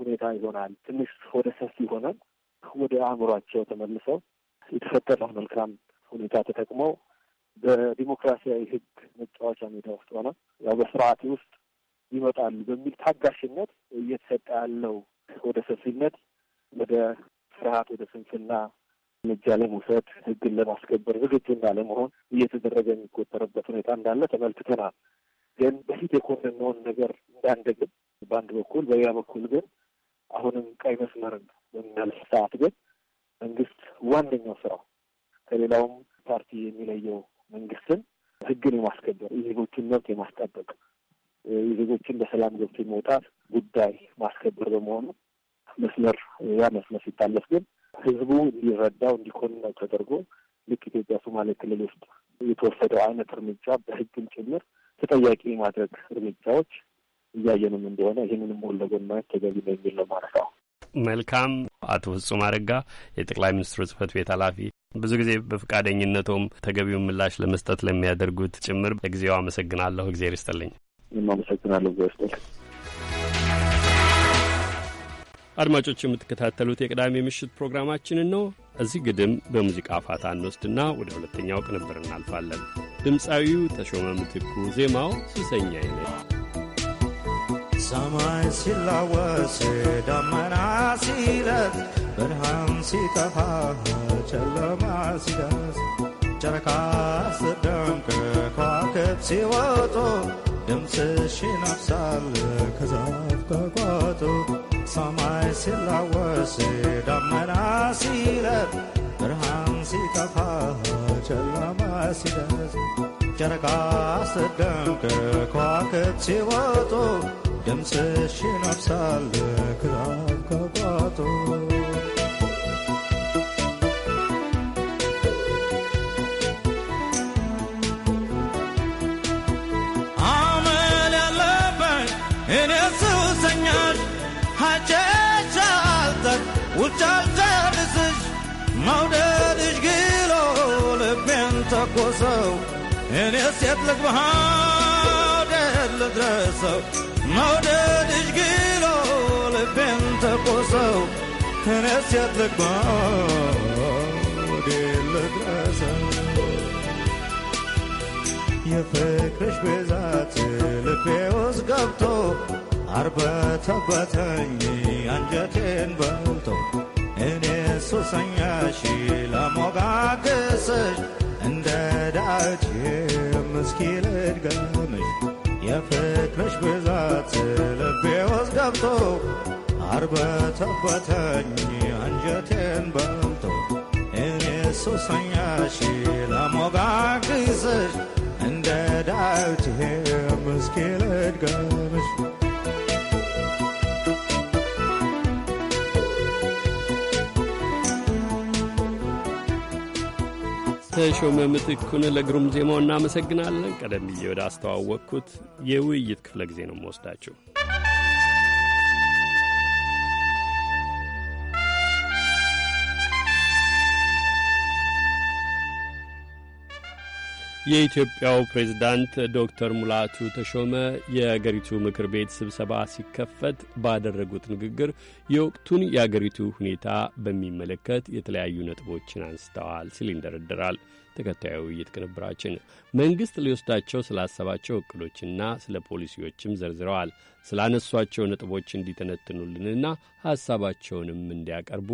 ሁኔታ ይሆናል። ትንሽ ወደ ሰፊ ይሆናል። ወደ አእምሯቸው ተመልሰው የተፈጠረው መልካም ሁኔታ ተጠቅመው በዲሞክራሲያዊ ሕግ መጫወቻ ሜዳ ውስጥ ሆነ ያው በስርዓቴ ውስጥ ይመጣሉ በሚል ታጋሽነት እየተሰጠ ያለው ወደ ሰፊነት፣ ወደ ፍርሃት፣ ወደ ስንፍና እርምጃ ለመውሰድ ህግን ለማስከበር ዝግጁና ለመሆን እየተደረገ የሚቆጠርበት ሁኔታ እንዳለ ተመልክተናል። ግን በፊት የኮንነውን ነገር እንዳንደግም በአንድ በኩል፣ በሌላ በኩል ግን አሁንም ቀይ መስመርን በሚያልፍ ሰዓት ግን መንግስት ዋነኛው ስራው ከሌላውም ፓርቲ የሚለየው መንግስትን ህግን የማስከበር የዜጎችን መብት የማስጠበቅ የዜጎችን በሰላም ገብቶ የመውጣት ጉዳይ ማስከበር በመሆኑ መስመር ያ መስመር ሲታለፍ ግን ህዝቡ እንዲረዳው እንዲኮንነው ተደርጎ ልክ ኢትዮጵያ ሶማሌ ክልል ውስጥ የተወሰደው አይነት እርምጃ በህግም ጭምር ተጠያቂ ማድረግ እርምጃዎች እያየንም እንደሆነ ይህንንም ጎን ለጎን ማየት ተገቢ ነው የሚል ነው ማለት ነው። መልካም። አቶ ፍጹም አረጋ የጠቅላይ ሚኒስትሩ ጽህፈት ቤት ኃላፊ ብዙ ጊዜ በፈቃደኝነቶም ተገቢውን ምላሽ ለመስጠት ለሚያደርጉት ጭምር ለጊዜው አመሰግናለሁ። እግዜር ይስጥልኝ። እኔም አመሰግናለሁ። እግዜር ይስጥልኝ። አድማጮች የምትከታተሉት የቅዳሜ ምሽት ፕሮግራማችንን ነው። እዚህ ግድም በሙዚቃ ፋታ እንወስድና ወደ ሁለተኛው ቅንብር እናልፋለን። ድምፃዊው ተሾመ ምትኩ ዜማው ሱሰኛ ይነት ሰማይ ሲላወስ ደመና ሲለት ብርሃን ሲጠፋ ጨለማ ሲደስ ጨረቃ ስደንቅ ከዋክብ ሲወጡ ድምፅሽ ይነፍሳል ከዛፍ ከቋጡ ሰማይ ሲላወስ ደመና ሲለት ብርሃን ሲጠፋ ጨለማ ሲደርስ ጨረቃ ስትደምቅ ከዋክብት ሲወጡ ድምፅሽ ይነፍሳል ክራብ ከቧጡ እኔ ሴት ልግባህ ልድረሰው መውደድሽ ጊሎ ልቤን ተቆሰው እኔ ሴት ልግባህ ልድረሰው የፍቅርሽ ብዛት ልቤ ውስጥ ገብቶ አርበተበተኝ አንጀቴን በልቶ እኔ ሱሰኛሽ አርበተበተኝ አንጀቴን በልቶ እኔ እንደ ዳዊት ተሾመ ምትኩን ለግሩም ዜማው እናመሰግናለን። ቀደም ብዬ ወደ አስተዋወቅኩት የውይይት ክፍለ ጊዜ ነው መወስዳችሁ። የኢትዮጵያው ፕሬዝዳንት ዶክተር ሙላቱ ተሾመ የአገሪቱ ምክር ቤት ስብሰባ ሲከፈት ባደረጉት ንግግር የወቅቱን የአገሪቱ ሁኔታ በሚመለከት የተለያዩ ነጥቦችን አንስተዋል ሲል ይንደረድራል። ተከታዩ ውይይት ቅንብራችን። መንግሥት ሊወስዳቸው ስላሰባቸው እቅዶችና ስለ ፖሊሲዎችም ዘርዝረዋል። ስላነሷቸው ነጥቦች እንዲተነትኑልንና ሐሳባቸውንም እንዲያቀርቡ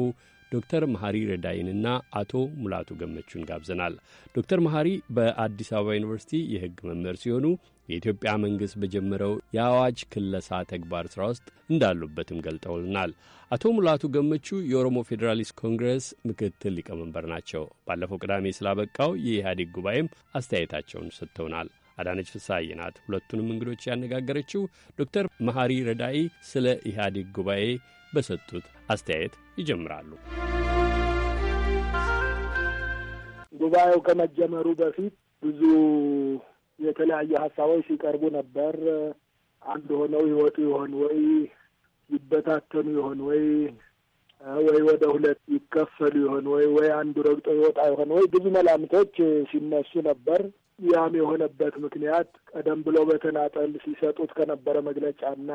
ዶክተር መሐሪ ረዳይንና አቶ ሙላቱ ገመቹን ጋብዘናል። ዶክተር መሐሪ በአዲስ አበባ ዩኒቨርሲቲ የሕግ መምህር ሲሆኑ የኢትዮጵያ መንግሥት በጀመረው የአዋጅ ክለሳ ተግባር ሥራ ውስጥ እንዳሉበትም ገልጠውልናል። አቶ ሙላቱ ገመቹ የኦሮሞ ፌዴራሊስት ኮንግረስ ምክትል ሊቀመንበር ናቸው። ባለፈው ቅዳሜ ስላበቃው የኢህአዴግ ጉባኤም አስተያየታቸውን ሰጥተውናል። አዳነች ፍስሐዬ ናት ሁለቱንም እንግዶች ያነጋገረችው። ዶክተር መሐሪ ረዳኢ ስለ ኢህአዴግ ጉባኤ በሰጡት አስተያየት ይጀምራሉ። ጉባኤው ከመጀመሩ በፊት ብዙ የተለያዩ ሀሳቦች ሲቀርቡ ነበር። አንድ ሆነው ይወጡ ይሆን ወይ? ይበታተኑ ይሆን ወይ? ወይ ወደ ሁለት ይከፈሉ ይሆን ወይ? ወይ አንዱ ረግጦ ይወጣ ይሆን ወይ? ብዙ መላምቶች ሲነሱ ነበር። ያም የሆነበት ምክንያት ቀደም ብሎ በተናጠል ሲሰጡት ከነበረ መግለጫና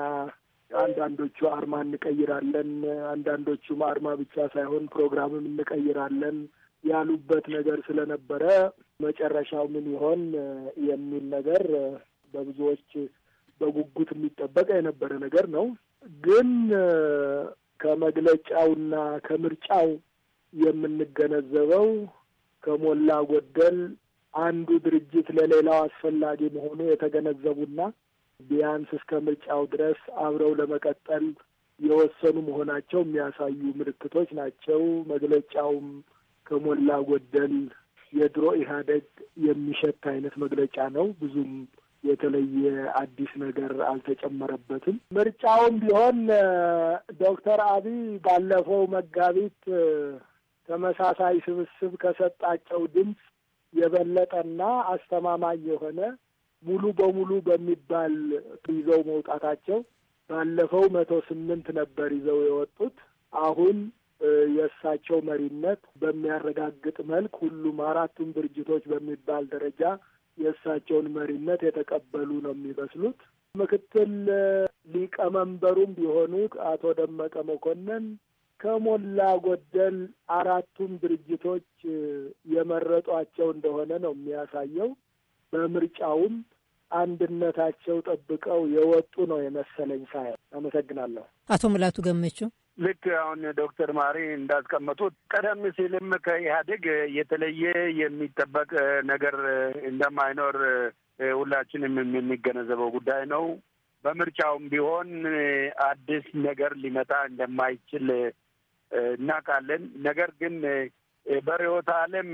አንዳንዶቹ አርማ እንቀይራለን፣ አንዳንዶቹም አርማ ብቻ ሳይሆን ፕሮግራምም እንቀይራለን ያሉበት ነገር ስለነበረ መጨረሻው ምን ይሆን የሚል ነገር በብዙዎች በጉጉት የሚጠበቅ የነበረ ነገር ነው። ግን ከመግለጫውና ከምርጫው የምንገነዘበው ከሞላ ጎደል አንዱ ድርጅት ለሌላው አስፈላጊ መሆኑ የተገነዘቡና ቢያንስ እስከ ምርጫው ድረስ አብረው ለመቀጠል የወሰኑ መሆናቸው የሚያሳዩ ምልክቶች ናቸው። መግለጫውም ከሞላ ጎደል የድሮ ኢህአዴግ የሚሸት አይነት መግለጫ ነው። ብዙም የተለየ አዲስ ነገር አልተጨመረበትም። ምርጫውም ቢሆን ዶክተር አብይ ባለፈው መጋቢት ተመሳሳይ ስብስብ ከሰጣቸው ድምፅ የበለጠና አስተማማኝ የሆነ ሙሉ በሙሉ በሚባል ይዘው መውጣታቸው ባለፈው መቶ ስምንት ነበር ይዘው የወጡት። አሁን የእሳቸው መሪነት በሚያረጋግጥ መልክ ሁሉም አራቱም ድርጅቶች በሚባል ደረጃ የእሳቸውን መሪነት የተቀበሉ ነው የሚመስሉት። ምክትል ሊቀመንበሩም ቢሆኑ አቶ ደመቀ መኮንን ከሞላ ጎደል አራቱም ድርጅቶች የመረጧቸው እንደሆነ ነው የሚያሳየው። በምርጫውም አንድነታቸው ጠብቀው የወጡ ነው የመሰለኝ ሳየው። አመሰግናለሁ። አቶ ምላቱ ገመቹ ልክ አሁን ዶክተር ማሪ እንዳስቀመጡት ቀደም ሲልም ከኢህአዴግ የተለየ የሚጠበቅ ነገር እንደማይኖር ሁላችንም የሚገነዘበው ጉዳይ ነው። በምርጫውም ቢሆን አዲስ ነገር ሊመጣ እንደማይችል እናውቃለን። ነገር ግን በርዕዮተ ዓለም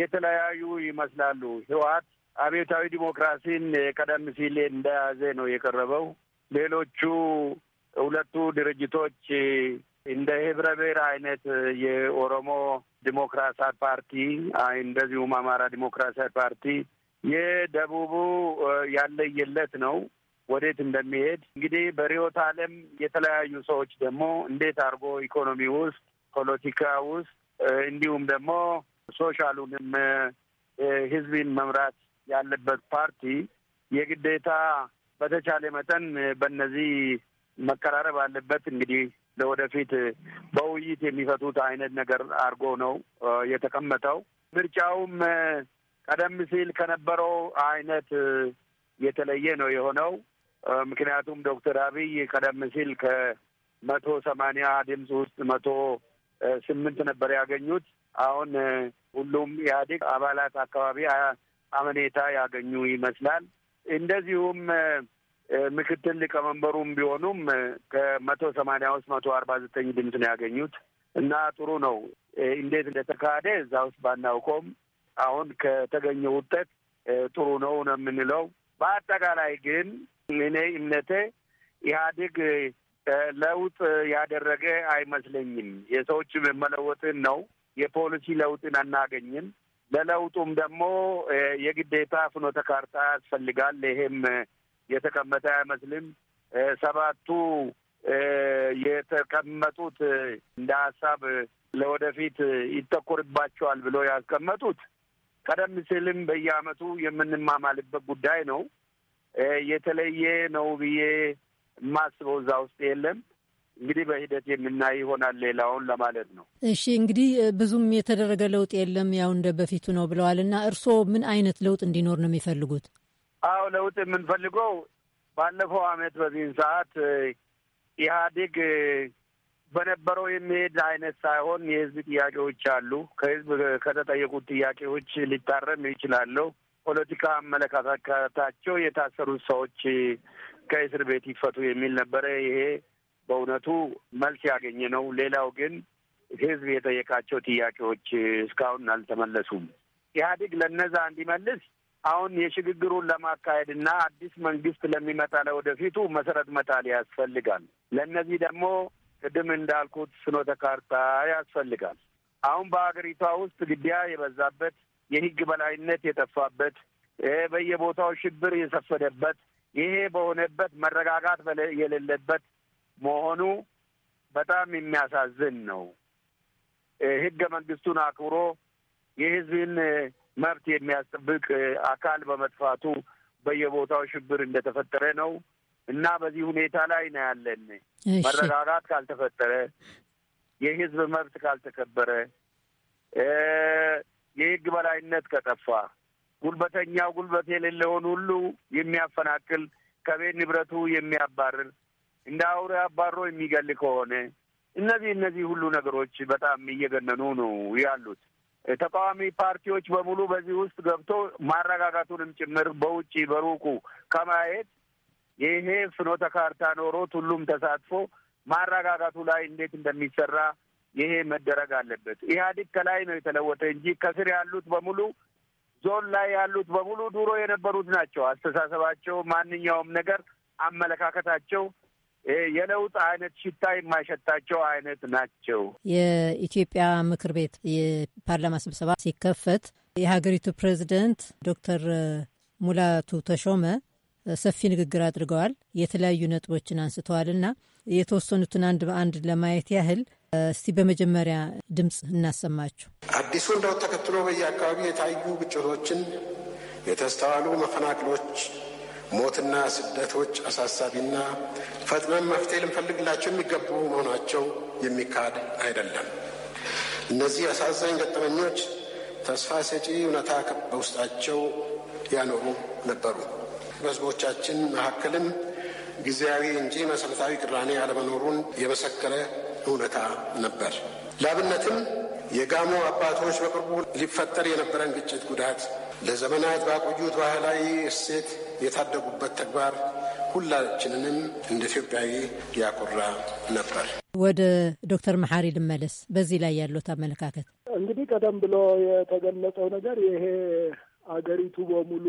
የተለያዩ ይመስላሉ። ህወሓት አብዮታዊ ዲሞክራሲን ቀደም ሲል እንደያዘ ነው የቀረበው። ሌሎቹ ሁለቱ ድርጅቶች እንደ ህብረ ብሔር አይነት የኦሮሞ ዲሞክራሲያዊ ፓርቲ እንደዚሁም አማራ ዲሞክራሲያዊ ፓርቲ የደቡቡ ያለየለት ነው ወዴት እንደሚሄድ እንግዲህ በርዕዮተ ዓለም የተለያዩ ሰዎች ደግሞ እንዴት አድርጎ ኢኮኖሚ ውስጥ፣ ፖለቲካ ውስጥ እንዲሁም ደግሞ ሶሻሉንም ህዝብን መምራት ያለበት ፓርቲ የግዴታ በተቻለ መጠን በእነዚህ መቀራረብ አለበት። እንግዲህ ለወደፊት በውይይት የሚፈቱት አይነት ነገር አድርጎ ነው የተቀመጠው። ምርጫውም ቀደም ሲል ከነበረው አይነት የተለየ ነው የሆነው። ምክንያቱም ዶክተር አብይ ቀደም ሲል ከመቶ ሰማንያ ድምፅ ውስጥ መቶ ስምንት ነበር ያገኙት። አሁን ሁሉም ኢህአዴግ አባላት አካባቢ አመኔታ ያገኙ ይመስላል። እንደዚሁም ምክትል ሊቀመንበሩም ቢሆኑም ከመቶ ሰማንያ ውስጥ መቶ አርባ ዘጠኝ ድምፅ ነው ያገኙት እና ጥሩ ነው። እንዴት እንደተካሄደ እዛ ውስጥ ባናውቀውም አሁን ከተገኘ ውጤት ጥሩ ነው ነው የምንለው። በአጠቃላይ ግን እኔ እምነቴ ኢህአዴግ ለውጥ ያደረገ አይመስለኝም። የሰዎች መለወጥን ነው የፖሊሲ ለውጥን አናገኝም። ለለውጡም ደግሞ የግዴታ ፍኖተ ካርታ ያስፈልጋል። ይሄም የተቀመጠ አይመስልም። ሰባቱ የተቀመጡት እንደ ሀሳብ ለወደፊት ይተኮርባቸዋል ብሎ ያስቀመጡት ቀደም ሲልም በየአመቱ የምንማማልበት ጉዳይ ነው። የተለየ ነው ብዬ የማስበው እዛ ውስጥ የለም። እንግዲህ በሂደት የምናይ ይሆናል። ሌላውን ለማለት ነው። እሺ እንግዲህ ብዙም የተደረገ ለውጥ የለም፣ ያው እንደ በፊቱ ነው ብለዋል። እና እርስዎ ምን አይነት ለውጥ እንዲኖር ነው የሚፈልጉት? አዎ ለውጥ የምንፈልገው ባለፈው አመት በዚህን ሰዓት ኢህአዴግ በነበረው የሚሄድ አይነት ሳይሆን የህዝብ ጥያቄዎች አሉ። ከህዝብ ከተጠየቁት ጥያቄዎች ሊታረም ይችላለሁ። ፖለቲካ አመለካከታቸው የታሰሩት ሰዎች ከእስር ቤት ይፈቱ የሚል ነበረ። ይሄ በእውነቱ መልስ ያገኘ ነው። ሌላው ግን ህዝብ የጠየቃቸው ጥያቄዎች እስካሁን አልተመለሱም። ኢህአዴግ ለነዛ እንዲመልስ አሁን የሽግግሩን ለማካሄድ እና አዲስ መንግስት ለሚመጣ ለወደፊቱ መሰረት መጣል ያስፈልጋል። ለእነዚህ ደግሞ ቅድም እንዳልኩት ፍኖተ ካርታ ያስፈልጋል። አሁን በሀገሪቷ ውስጥ ግድያ የበዛበት፣ የህግ በላይነት የጠፋበት፣ በየቦታው ሽብር የሰፈደበት፣ ይሄ በሆነበት መረጋጋት የሌለበት መሆኑ በጣም የሚያሳዝን ነው። ህገ መንግስቱን አክብሮ የህዝብን መብት የሚያስጠብቅ አካል በመጥፋቱ በየቦታው ሽብር እንደተፈጠረ ነው እና በዚህ ሁኔታ ላይ ነው ያለን። መረጋጋት ካልተፈጠረ፣ የህዝብ መብት ካልተከበረ፣ የህግ በላይነት ከጠፋ ጉልበተኛው ጉልበት የሌለውን ሁሉ የሚያፈናቅል ከቤት ንብረቱ የሚያባርር እንደ አውሬ አባሮ የሚገል ከሆነ እነዚህ እነዚህ ሁሉ ነገሮች በጣም እየገነኑ ነው ያሉት። ተቃዋሚ ፓርቲዎች በሙሉ በዚህ ውስጥ ገብቶ ማረጋጋቱንም ጭምር በውጭ በሩቁ ከማየት ይሄ ፍኖተ ካርታ ኖሮት ሁሉም ተሳትፎ ማረጋጋቱ ላይ እንዴት እንደሚሰራ ይሄ መደረግ አለበት። ኢህአዲግ ከላይ ነው የተለወጠ እንጂ ከስር ያሉት በሙሉ ዞን ላይ ያሉት በሙሉ ድሮ የነበሩት ናቸው። አስተሳሰባቸው፣ ማንኛውም ነገር፣ አመለካከታቸው የለውጥ አይነት ሽታ የማይሸታቸው አይነት ናቸው። የኢትዮጵያ ምክር ቤት የፓርላማ ስብሰባ ሲከፈት የሀገሪቱ ፕሬዚደንት ዶክተር ሙላቱ ተሾመ ሰፊ ንግግር አድርገዋል። የተለያዩ ነጥቦችን አንስተዋል እና የተወሰኑትን አንድ በአንድ ለማየት ያህል እስቲ በመጀመሪያ ድምፅ እናሰማችሁ። አዲሱን ለውጥ ተከትሎ በየአካባቢው የታዩ ግጭቶችን፣ የተስተዋሉ መፈናቅሎች ሞትና ስደቶች አሳሳቢና ፈጥነን መፍትሄ ልንፈልግላቸው የሚገቡ መሆናቸው የሚካድ አይደለም። እነዚህ አሳዛኝ ገጠመኞች ተስፋ ሰጪ እውነታ በውስጣቸው ያኖሩ ነበሩ። በህዝቦቻችን መካከልም ጊዜያዊ እንጂ መሰረታዊ ቅራኔ አለመኖሩን የመሰከረ እውነታ ነበር። ለአብነትም የጋሞ አባቶች በቅርቡ ሊፈጠር የነበረን ግጭት ጉዳት ለዘመናት ባቆዩት ባህላዊ እሴት የታደጉበት ተግባር ሁላችንንም እንደ ኢትዮጵያዊ ያኮራ ነበር። ወደ ዶክተር መሐሪ ልመለስ። በዚህ ላይ ያሉት አመለካከት እንግዲህ ቀደም ብሎ የተገለጸው ነገር ይሄ አገሪቱ በሙሉ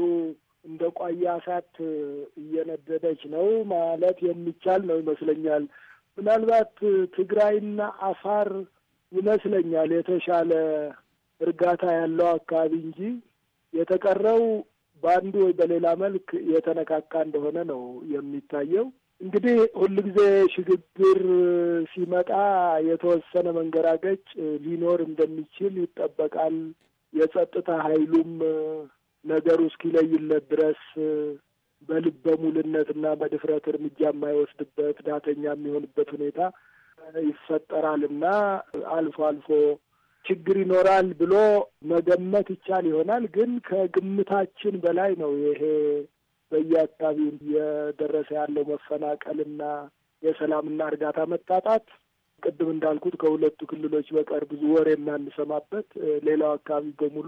እንደ ቋያ እሳት እየነደደች ነው ማለት የሚቻል ነው ይመስለኛል። ምናልባት ትግራይና አፋር ይመስለኛል የተሻለ እርጋታ ያለው አካባቢ እንጂ የተቀረው በአንዱ ወይ በሌላ መልክ የተነካካ እንደሆነ ነው የሚታየው። እንግዲህ ሁልጊዜ ሽግግር ሲመጣ የተወሰነ መንገራገጭ ሊኖር እንደሚችል ይጠበቃል። የጸጥታ ኃይሉም ነገሩ እስኪለይለት ድረስ በልበ ሙልነትና በድፍረት እርምጃ የማይወስድበት ዳተኛ የሚሆንበት ሁኔታ ይፈጠራል እና አልፎ አልፎ ችግር ይኖራል ብሎ መገመት ይቻል ይሆናል። ግን ከግምታችን በላይ ነው ይሄ በየአካባቢው እየደረሰ ያለው መፈናቀልና የሰላምና እርጋታ መጣጣት ቅድም እንዳልኩት ከሁለቱ ክልሎች በቀር ብዙ ወሬ የማንሰማበት ሌላው አካባቢ በሙሉ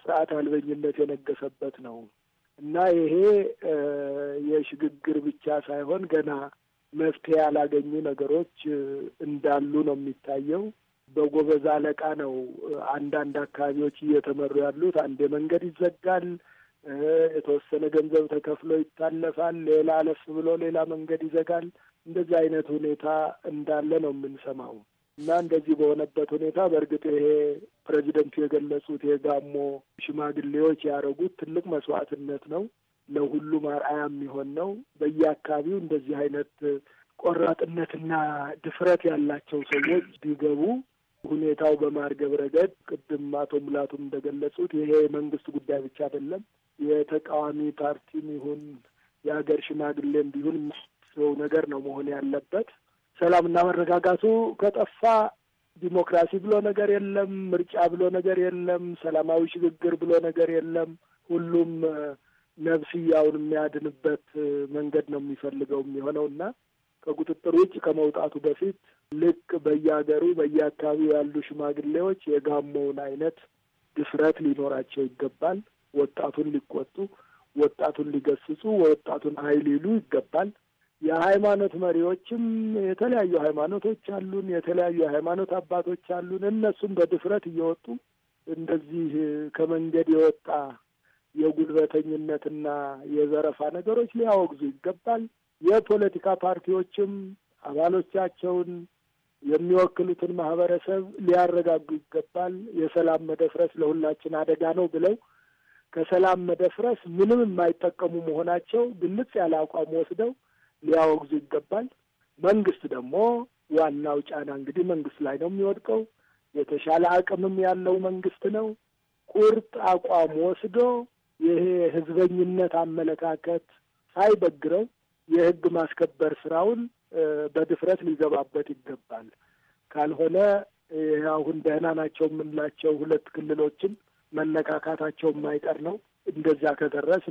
ስርዓት አልበኝነት የነገሰበት ነው እና ይሄ የሽግግር ብቻ ሳይሆን ገና መፍትሄ ያላገኙ ነገሮች እንዳሉ ነው የሚታየው። በጎበዝ አለቃ ነው አንዳንድ አካባቢዎች እየተመሩ ያሉት። አንድ መንገድ ይዘጋል፣ የተወሰነ ገንዘብ ተከፍሎ ይታለፋል፣ ሌላ አለፍ ብሎ ሌላ መንገድ ይዘጋል። እንደዚህ አይነት ሁኔታ እንዳለ ነው የምንሰማው እና እንደዚህ በሆነበት ሁኔታ በእርግጥ ይሄ ፕሬዚደንቱ የገለጹት የጋሞ ሽማግሌዎች ያደረጉት ትልቅ መስዋዕትነት ነው። ለሁሉም አርአያ የሚሆን ነው። በየአካባቢው እንደዚህ አይነት ቆራጥነትና ድፍረት ያላቸው ሰዎች ቢገቡ ሁኔታው በማርገብ ረገድ ቅድም አቶ ሙላቱም እንደገለጹት ይሄ የመንግስት ጉዳይ ብቻ አይደለም። የተቃዋሚ ፓርቲም ይሁን የሀገር ሽማግሌም ቢሆን ሰው ነገር ነው መሆን ያለበት። ሰላምና መረጋጋቱ ከጠፋ ዲሞክራሲ ብሎ ነገር የለም፣ ምርጫ ብሎ ነገር የለም፣ ሰላማዊ ሽግግር ብሎ ነገር የለም። ሁሉም ነፍስያውን የሚያድንበት መንገድ ነው የሚፈልገው የሚሆነው እና ከቁጥጥር ውጭ ከመውጣቱ በፊት ልክ በየሀገሩ በየአካባቢው ያሉ ሽማግሌዎች የጋሞውን አይነት ድፍረት ሊኖራቸው ይገባል። ወጣቱን ሊቆጡ፣ ወጣቱን ሊገስጹ፣ ወጣቱን አይሊሉ ሊሉ ይገባል። የሃይማኖት መሪዎችም የተለያዩ ሃይማኖቶች አሉን፣ የተለያዩ የሃይማኖት አባቶች አሉን። እነሱም በድፍረት እየወጡ እንደዚህ ከመንገድ የወጣ የጉልበተኝነትና የዘረፋ ነገሮች ሊያወግዙ ይገባል። የፖለቲካ ፓርቲዎችም አባሎቻቸውን የሚወክሉትን ማህበረሰብ ሊያረጋጉ ይገባል። የሰላም መደፍረስ ለሁላችን አደጋ ነው ብለው ከሰላም መደፍረስ ምንም የማይጠቀሙ መሆናቸው ግልጽ ያለ አቋም ወስደው ሊያወግዙ ይገባል። መንግስት ደግሞ ዋናው ጫና እንግዲህ መንግስት ላይ ነው የሚወድቀው። የተሻለ አቅምም ያለው መንግስት ነው። ቁርጥ አቋም ወስዶ ይሄ ህዝበኝነት አመለካከት ሳይበግረው የህግ ማስከበር ስራውን በድፍረት ሊገባበት ይገባል። ካልሆነ አሁን ደህና ናቸው የምንላቸው ሁለት ክልሎችን መነካካታቸው የማይቀር ነው። እንደዚያ ከደረስ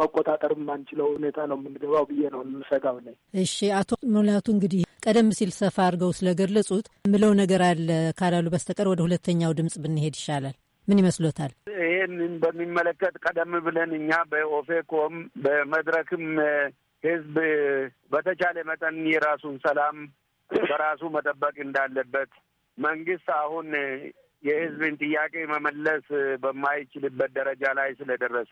መቆጣጠር የማንችለው ሁኔታ ነው የምንገባው ብዬ ነው የምሰጋው ላይ እሺ፣ አቶ ሙላቱ እንግዲህ ቀደም ሲል ሰፋ አድርገው ስለገለጹት ምለው ነገር አለ ካላሉ በስተቀር ወደ ሁለተኛው ድምፅ ብንሄድ ይሻላል። ምን ይመስሎታል? ይህን በሚመለከት ቀደም ብለን እኛ በኦፌኮም በመድረክም ህዝብ በተቻለ መጠን የራሱን ሰላም በራሱ መጠበቅ እንዳለበት መንግስት አሁን የህዝብን ጥያቄ መመለስ በማይችልበት ደረጃ ላይ ስለደረሰ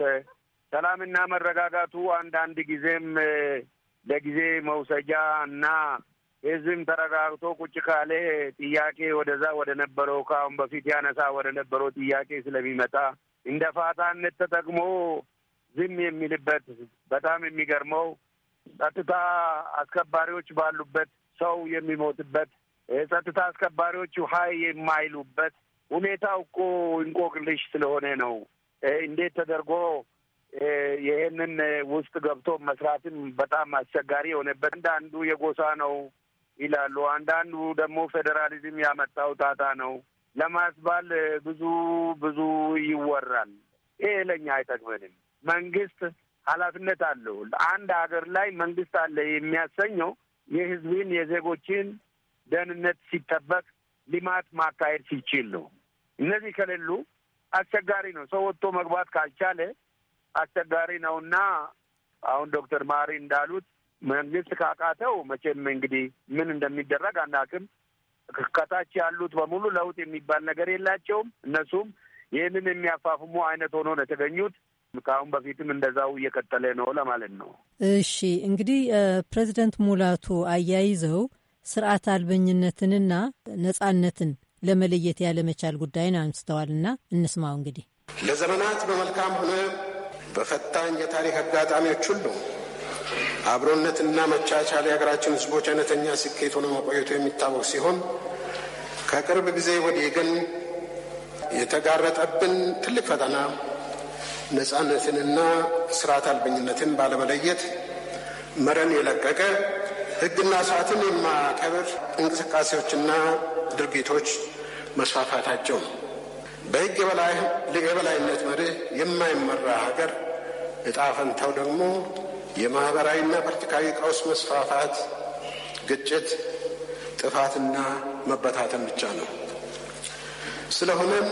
ሰላምና መረጋጋቱ አንዳንድ ጊዜም ለጊዜ መውሰጃ እና ህዝብም ተረጋግቶ ቁጭ ካለ ጥያቄ ወደዛ ወደ ነበረው ከአሁን በፊት ያነሳ ወደ ነበረው ጥያቄ ስለሚመጣ እንደ ፋታነት ተጠቅሞ ዝም የሚልበት በጣም የሚገርመው ጸጥታ አስከባሪዎች ባሉበት ሰው የሚሞትበት የጸጥታ አስከባሪዎች ሀይ የማይሉበት ሁኔታው እኮ እንቆቅልሽ ስለሆነ ነው። እንዴት ተደርጎ ይህንን ውስጥ ገብቶ መስራትም በጣም አስቸጋሪ የሆነበት አንዳንዱ የጎሳ ነው ይላሉ፣ አንዳንዱ ደግሞ ፌዴራሊዝም ያመጣው ጣጣ ነው ለማስባል ብዙ ብዙ ይወራል። ይሄ ለኛ አይጠቅመንም። መንግስት ኃላፊነት አለው። አንድ ሀገር ላይ መንግስት አለ የሚያሰኘው የህዝብን የዜጎችን ደህንነት ሲጠበቅ ልማት ማካሄድ ሲችል ነው። እነዚህ ከሌሉ አስቸጋሪ ነው። ሰው ወጥቶ መግባት ካልቻለ አስቸጋሪ ነው እና አሁን ዶክተር ማሪ እንዳሉት መንግስት ካቃተው መቼም እንግዲህ ምን እንደሚደረግ አናውቅም። ከታች ያሉት በሙሉ ለውጥ የሚባል ነገር የላቸውም። እነሱም ይህንን የሚያፋፍሙ አይነት ሆኖ ነው የተገኙት። ከአሁን በፊትም እንደዛው እየቀጠለ ነው ለማለት ነው። እሺ እንግዲህ ፕሬዚደንት ሙላቱ አያይዘው ስርዓት አልበኝነትንና ነጻነትን ለመለየት ያለመቻል ጉዳይን አንስተዋልና እንስማው። እንግዲህ ለዘመናት በመልካም ሆነ በፈታኝ የታሪክ አጋጣሚዎች ሁሉ አብሮነትና መቻቻል የሀገራችን ሕዝቦች አይነተኛ ስኬት ሆነ መቆየቱ የሚታወቅ ሲሆን ከቅርብ ጊዜ ወዲህ ግን የተጋረጠብን ትልቅ ፈተና ነፃነትንና ስርዓት አልበኝነትን ባለመለየት መረን የለቀቀ ህግና ስርዓትን የማያከብር እንቅስቃሴዎችና ድርጊቶች መስፋፋታቸው ነው። የበላይነት መርህ የማይመራ ሀገር እጣ ፈንታው ደግሞ የማህበራዊና ፖለቲካዊ ቀውስ መስፋፋት፣ ግጭት፣ ጥፋትና መበታተን ብቻ ነው። ስለሆነም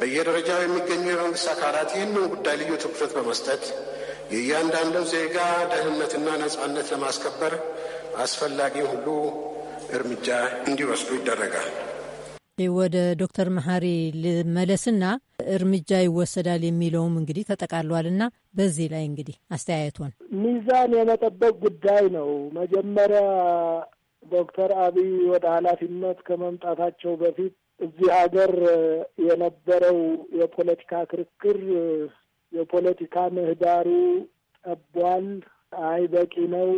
በየደረጃው የሚገኙ የመንግስት አካላት ይህንን ጉዳይ ልዩ ትኩረት በመስጠት የእያንዳንዱ ዜጋ ደህንነትና ነጻነት ለማስከበር አስፈላጊ ሁሉ እርምጃ እንዲወስዱ ይደረጋል። ወደ ዶክተር መሐሪ ልመለስና እርምጃ ይወሰዳል የሚለውም እንግዲህ ተጠቃሏልና በዚህ ላይ እንግዲህ አስተያየቶን ሚዛን የመጠበቅ ጉዳይ ነው። መጀመሪያ ዶክተር አብይ ወደ ኃላፊነት ከመምጣታቸው በፊት እዚህ ሀገር የነበረው የፖለቲካ ክርክር የፖለቲካ ምህዳሩ ጠቧል፣ አይ በቂ ነው፣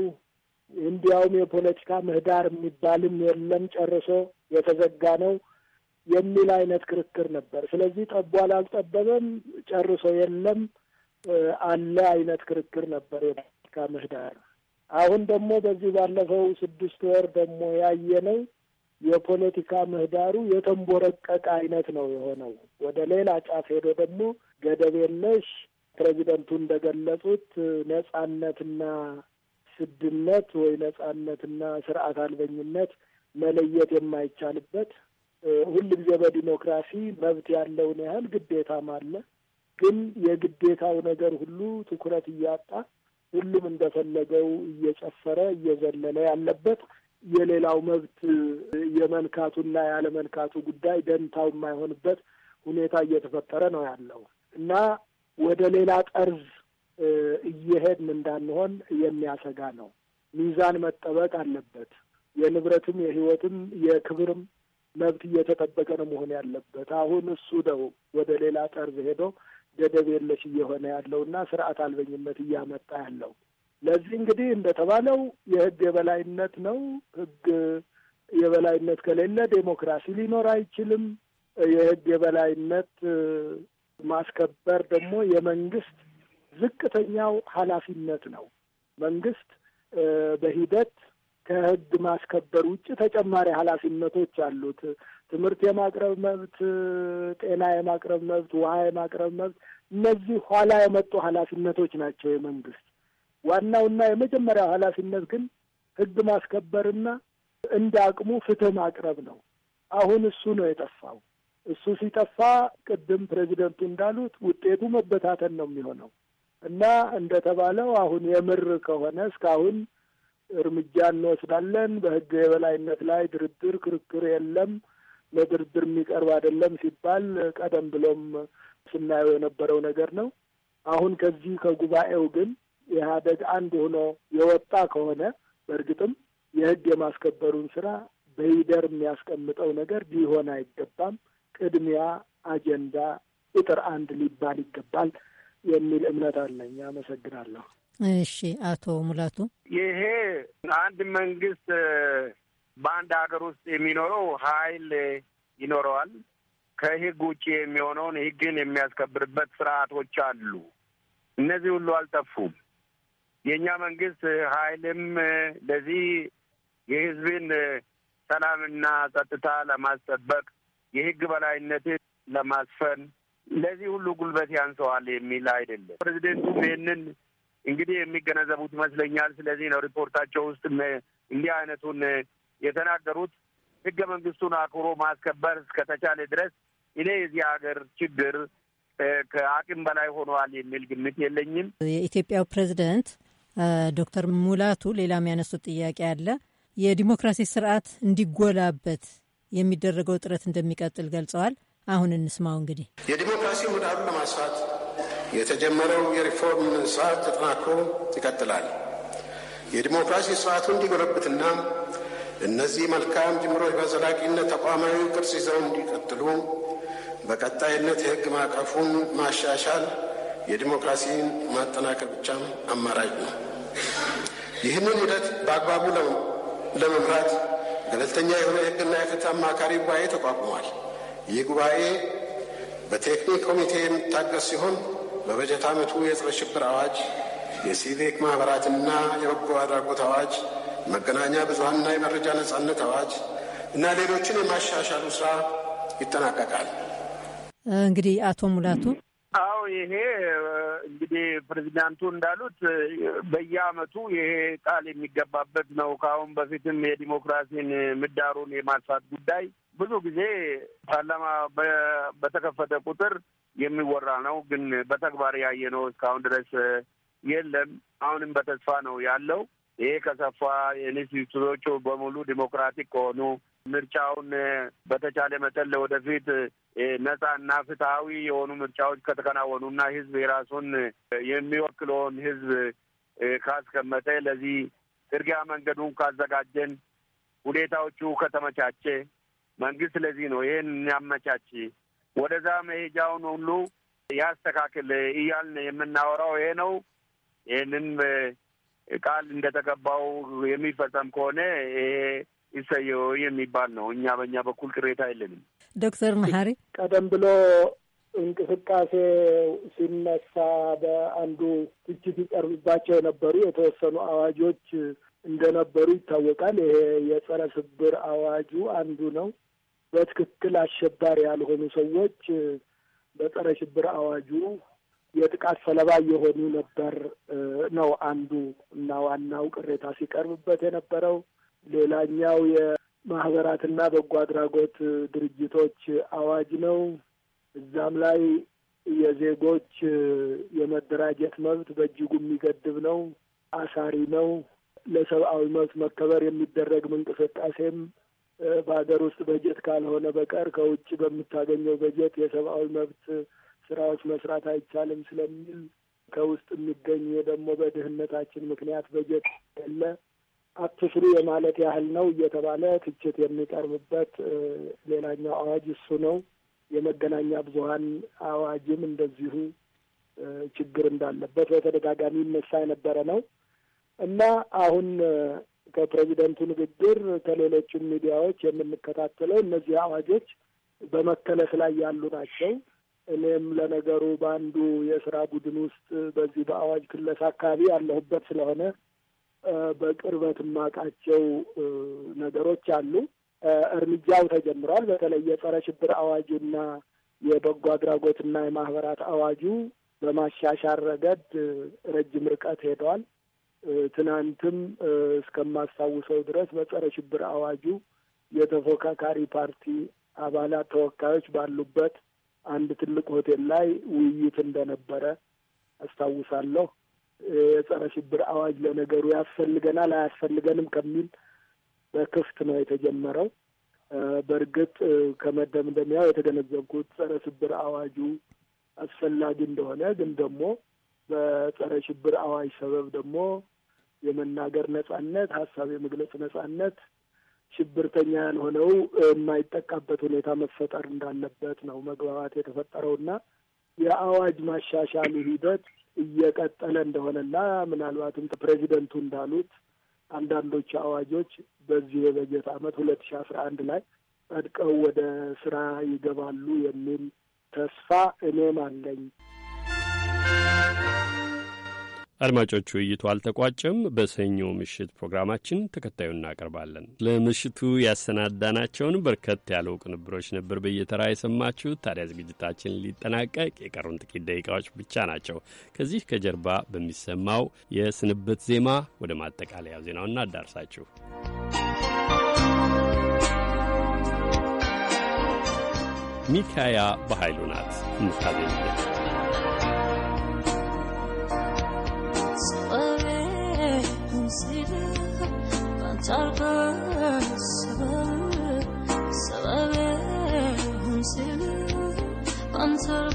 እንዲያውም የፖለቲካ ምህዳር የሚባልም የለም ጨርሶ የተዘጋ ነው የሚል አይነት ክርክር ነበር። ስለዚህ ጠቧል፣ አልጠበበም፣ ጨርሶ የለም፣ አለ አይነት ክርክር ነበር የፖለቲካ ምህዳር። አሁን ደግሞ በዚህ ባለፈው ስድስት ወር ደግሞ ያየነው የፖለቲካ ምህዳሩ የተንቦረቀቀ አይነት ነው የሆነው። ወደ ሌላ ጫፍ ሄዶ ደግሞ ገደብ የለሽ ፕሬዚደንቱ እንደገለጹት ነጻነትና ስድነት ወይ ነጻነትና ስርዓት አልበኝነት መለየት የማይቻልበት ሁል ጊዜ በዲሞክራሲ መብት ያለውን ያህል ግዴታም አለ። ግን የግዴታው ነገር ሁሉ ትኩረት እያጣ ሁሉም እንደፈለገው እየጨፈረ እየዘለለ ያለበት የሌላው መብት የመንካቱና ያለመንካቱ ጉዳይ ደንታው የማይሆንበት ሁኔታ እየተፈጠረ ነው ያለው እና ወደ ሌላ ጠርዝ እየሄድን እንዳንሆን የሚያሰጋ ነው። ሚዛን መጠበቅ አለበት። የንብረትም፣ የሕይወትም፣ የክብርም መብት እየተጠበቀ ነው መሆን ያለበት። አሁን እሱ ነው ወደ ሌላ ጠርዝ ሄዶ ገደብ የለሽ እየሆነ ያለው እና ስርዓት አልበኝነት እያመጣ ያለው ለዚህ እንግዲህ እንደተባለው የህግ የበላይነት ነው። ህግ የበላይነት ከሌለ ዴሞክራሲ ሊኖር አይችልም። የህግ የበላይነት ማስከበር ደግሞ የመንግስት ዝቅተኛው ኃላፊነት ነው። መንግስት በሂደት ከህግ ማስከበር ውጭ ተጨማሪ ኃላፊነቶች አሉት። ትምህርት የማቅረብ መብት፣ ጤና የማቅረብ መብት፣ ውሃ የማቅረብ መብት፣ እነዚህ ኋላ የመጡ ኃላፊነቶች ናቸው የመንግስት ዋናውና የመጀመሪያው ኃላፊነት ግን ህግ ማስከበርና እንደ አቅሙ ፍትህ ማቅረብ ነው። አሁን እሱ ነው የጠፋው። እሱ ሲጠፋ ቅድም ፕሬዚደንቱ እንዳሉት ውጤቱ መበታተን ነው የሚሆነው እና እንደተባለው አሁን የምር ከሆነ እስካሁን እርምጃ እንወስዳለን፣ በህግ የበላይነት ላይ ድርድር ክርክር የለም፣ ለድርድር የሚቀርብ አይደለም ሲባል ቀደም ብሎም ስናየው የነበረው ነገር ነው። አሁን ከዚህ ከጉባኤው ግን ኢህአደግ አንድ ሆኖ የወጣ ከሆነ በእርግጥም የህግ የማስከበሩን ስራ በይደር የሚያስቀምጠው ነገር ሊሆን አይገባም። ቅድሚያ አጀንዳ ቁጥር አንድ ሊባል ይገባል የሚል እምነት አለኝ። አመሰግናለሁ። እሺ፣ አቶ ሙላቱ ይሄ አንድ መንግስት በአንድ ሀገር ውስጥ የሚኖረው ሀይል ይኖረዋል። ከህግ ውጭ የሚሆነውን ህግን የሚያስከብርበት ስርዓቶች አሉ። እነዚህ ሁሉ አልጠፉም። የእኛ መንግስት ኃይልም ለዚህ የህዝብን ሰላምና ጸጥታ ለማስጠበቅ የህግ በላይነትን ለማስፈን ለዚህ ሁሉ ጉልበት ያንሰዋል የሚል አይደለም። ፕሬዚደንቱም ይህንን እንግዲህ የሚገነዘቡት ይመስለኛል። ስለዚህ ነው ሪፖርታቸው ውስጥ እንዲህ አይነቱን የተናገሩት። ህገ መንግስቱን አክብሮ ማስከበር እስከተቻለ ድረስ እኔ የዚህ ሀገር ችግር ከአቅም በላይ ሆነዋል የሚል ግምት የለኝም። የኢትዮጵያው ፕሬዚደንት ዶክተር ሙላቱ ሌላም ያነሱት ጥያቄ አለ። የዲሞክራሲ ስርዓት እንዲጎላበት የሚደረገው ጥረት እንደሚቀጥል ገልጸዋል። አሁን እንስማው። እንግዲህ የዲሞክራሲ ምህዳሩን ለማስፋት የተጀመረው የሪፎርም ስርዓት ተጠናክሮ ይቀጥላል። የዲሞክራሲ ስርዓቱ እንዲጎለብትና እነዚህ መልካም ጅምሮች በዘላቂነት ተቋማዊ ቅርጽ ይዘው እንዲቀጥሉ በቀጣይነት የህግ ማዕቀፉን ማሻሻል የዲሞክራሲን ማጠናከር ብቻም አማራጭ ነው። ይህንን ሂደት በአግባቡ ለመምራት ገለልተኛ የሆነ የሕግና የፍትህ አማካሪ ጉባኤ ተቋቁሟል። ይህ ጉባኤ በቴክኒክ ኮሚቴ የሚታገዝ ሲሆን በበጀት ዓመቱ የጸረ ሽብር አዋጅ፣ የሲቪክ ማኅበራትና የበጎ አድራጎት አዋጅ፣ መገናኛ ብዙሀንና የመረጃ ነጻነት አዋጅ እና ሌሎችን የማሻሻሉ ስራ ይጠናቀቃል። እንግዲህ አቶ ሙላቱ አዎ ይሄ እንግዲህ ፕሬዚዳንቱ እንዳሉት በየአመቱ ይሄ ቃል የሚገባበት ነው። ከአሁን በፊትም የዲሞክራሲን ምህዳሩን የማስፋት ጉዳይ ብዙ ጊዜ ፓርላማ በተከፈተ ቁጥር የሚወራ ነው፣ ግን በተግባር ያየነው እስካሁን ድረስ የለም። አሁንም በተስፋ ነው ያለው። ይሄ ከሰፋ ኢንስቲቱቶቹ በሙሉ ዲሞክራቲክ ከሆኑ ምርጫውን በተቻለ መጠን ለወደፊት ነጻ እና ፍትሐዊ የሆኑ ምርጫዎች ከተከናወኑና ህዝብ የራሱን የሚወክለውን ህዝብ ካስቀመጠ ለዚህ ጥርጊያ መንገዱን ካዘጋጀን ሁኔታዎቹ ከተመቻቸ መንግስት ለዚህ ነው ይህን ያመቻች ወደዛ መሄጃውን ሁሉ ያስተካክል እያልን የምናወራው ይሄ ነው። ይህንን ቃል እንደተገባው የሚፈጸም ከሆነ ይሄ ይሰየው የሚባል ነው። እኛ በእኛ በኩል ቅሬታ የለንም። ዶክተር መሀሪ ቀደም ብሎ እንቅስቃሴ ሲነሳ በአንዱ ትችት ይቀርብባቸው የነበሩ የተወሰኑ አዋጆች እንደነበሩ ይታወቃል። ይሄ የጸረ ሽብር አዋጁ አንዱ ነው። በትክክል አሸባሪ ያልሆኑ ሰዎች በጸረ ሽብር አዋጁ የጥቃት ሰለባ የሆኑ ነበር ነው አንዱ እና ዋናው ቅሬታ ሲቀርብበት የነበረው። ሌላኛው የማህበራትና በጎ አድራጎት ድርጅቶች አዋጅ ነው። እዛም ላይ የዜጎች የመደራጀት መብት በእጅጉ የሚገድብ ነው፣ አሳሪ ነው። ለሰብአዊ መብት መከበር የሚደረግም እንቅስቃሴም በሀገር ውስጥ በጀት ካልሆነ በቀር ከውጭ በምታገኘው በጀት የሰብአዊ መብት ስራዎች መስራት አይቻልም ስለሚል ከውስጥ የሚገኝ ደግሞ በድህነታችን ምክንያት በጀት የለ አትስሩ የማለት ያህል ነው እየተባለ ትችት የሚቀርብበት ሌላኛው አዋጅ እሱ ነው። የመገናኛ ብዙኃን አዋጅም እንደዚሁ ችግር እንዳለበት በተደጋጋሚ ይነሳ የነበረ ነው እና አሁን ከፕሬዚደንቱ ንግግር ከሌሎችም ሚዲያዎች የምንከታተለው እነዚህ አዋጆች በመከለስ ላይ ያሉ ናቸው። እኔም ለነገሩ በአንዱ የስራ ቡድን ውስጥ በዚህ በአዋጅ ክለስ አካባቢ ያለሁበት ስለሆነ በቅርበት የማውቃቸው ነገሮች አሉ። እርምጃው ተጀምሯል። በተለይ የጸረ ሽብር አዋጁና የበጎ አድራጎትና የማህበራት አዋጁ በማሻሻል ረገድ ረጅም ርቀት ሄደዋል። ትናንትም እስከማስታውሰው ድረስ በጸረ ሽብር አዋጁ የተፎካካሪ ፓርቲ አባላት ተወካዮች ባሉበት አንድ ትልቅ ሆቴል ላይ ውይይት እንደነበረ አስታውሳለሁ። የጸረ ሽብር አዋጅ ለነገሩ ያስፈልገናል አያስፈልገንም ከሚል በክፍት ነው የተጀመረው። በእርግጥ ከመደምደሚያው የተገነዘብኩት ጸረ ሽብር አዋጁ አስፈላጊ እንደሆነ ግን ደግሞ በጸረ ሽብር አዋጅ ሰበብ ደግሞ የመናገር ነጻነት፣ ሀሳብ የመግለጽ ነጻነት ሽብርተኛ ያልሆነው የማይጠቃበት ሁኔታ መፈጠር እንዳለበት ነው መግባባት የተፈጠረውና የአዋጅ ማሻሻሉ ሂደት እየቀጠለ እንደሆነና ምናልባትም ፕሬዚደንቱ እንዳሉት አንዳንዶቹ አዋጆች በዚህ የበጀት ዓመት ሁለት ሺ አስራ አንድ ላይ ጸድቀው ወደ ስራ ይገባሉ የሚል ተስፋ እኔም አለኝ። አድማጮች ውይይቱ አልተቋጨም። በሰኞ ምሽት ፕሮግራማችን ተከታዩን እናቀርባለን። ለምሽቱ ያሰናዳናቸውን በርከት ያለው ቅንብሮች ነበር በየተራ የሰማችሁት። ታዲያ ዝግጅታችን ሊጠናቀቅ የቀሩን ጥቂት ደቂቃዎች ብቻ ናቸው። ከዚህ ከጀርባ በሚሰማው የስንብት ዜማ ወደ ማጠቃለያ ዜናው እናዳርሳችሁ። ሚካያ በኃይሉ ናት ምታዜ gözlerim Kantar bana sever Sever hem seni Kantar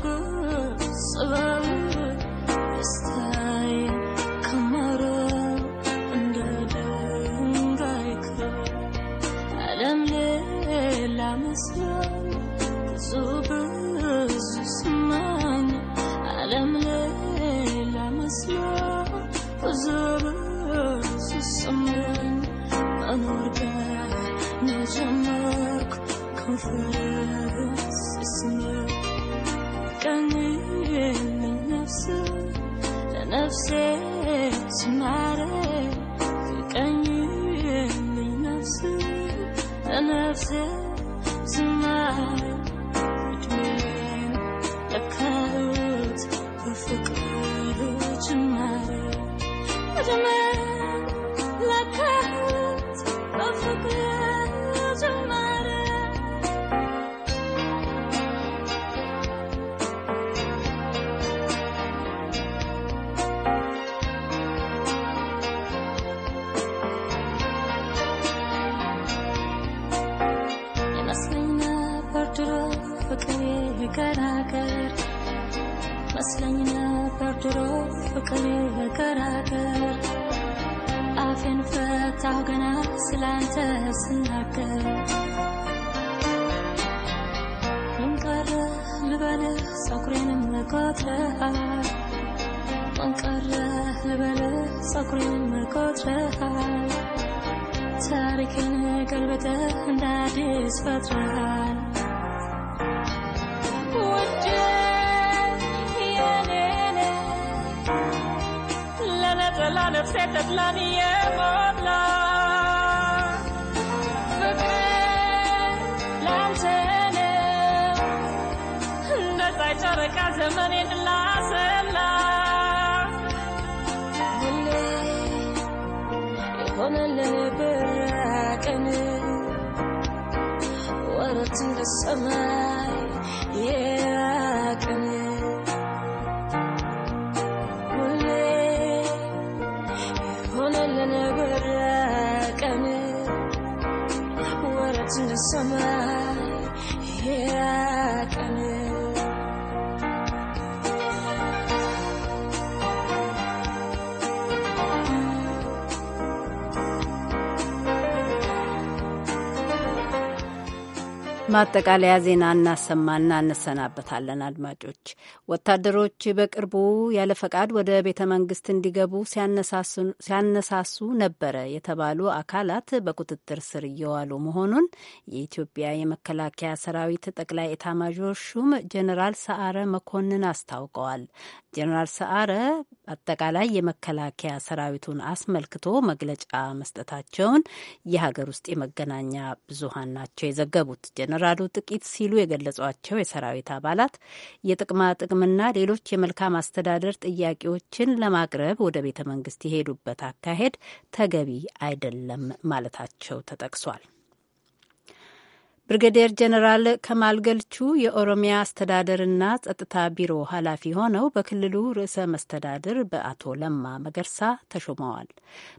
sever in the sunlight. Yeah. ማጠቃለያ ዜና እናሰማና እንሰናበታለን። አድማጮች ወታደሮች በቅርቡ ያለ ፈቃድ ወደ ቤተ መንግስት እንዲገቡ ሲያነሳሱ ነበረ የተባሉ አካላት በቁጥጥር ስር እየዋሉ መሆኑን የኢትዮጵያ የመከላከያ ሰራዊት ጠቅላይ ኤታማዦር ሹም ጀኔራል ሰዓረ መኮንን አስታውቀዋል። ጀኔራል ሰዓረ አጠቃላይ የመከላከያ ሰራዊቱን አስመልክቶ መግለጫ መስጠታቸውን የሀገር ውስጥ የመገናኛ ብዙሀን ናቸው የዘገቡት። ጀነራል ካሉ ጥቂት ሲሉ የገለጿቸው የሰራዊት አባላት የጥቅማ ጥቅምና ሌሎች የመልካም አስተዳደር ጥያቄዎችን ለማቅረብ ወደ ቤተ መንግስት የሄዱበት አካሄድ ተገቢ አይደለም ማለታቸው ተጠቅሷል። ብርጋዴር ጀነራል ከማል ገልቹ የኦሮሚያ አስተዳደርና ጸጥታ ቢሮ ኃላፊ ሆነው በክልሉ ርዕሰ መስተዳድር በአቶ ለማ መገርሳ ተሾመዋል።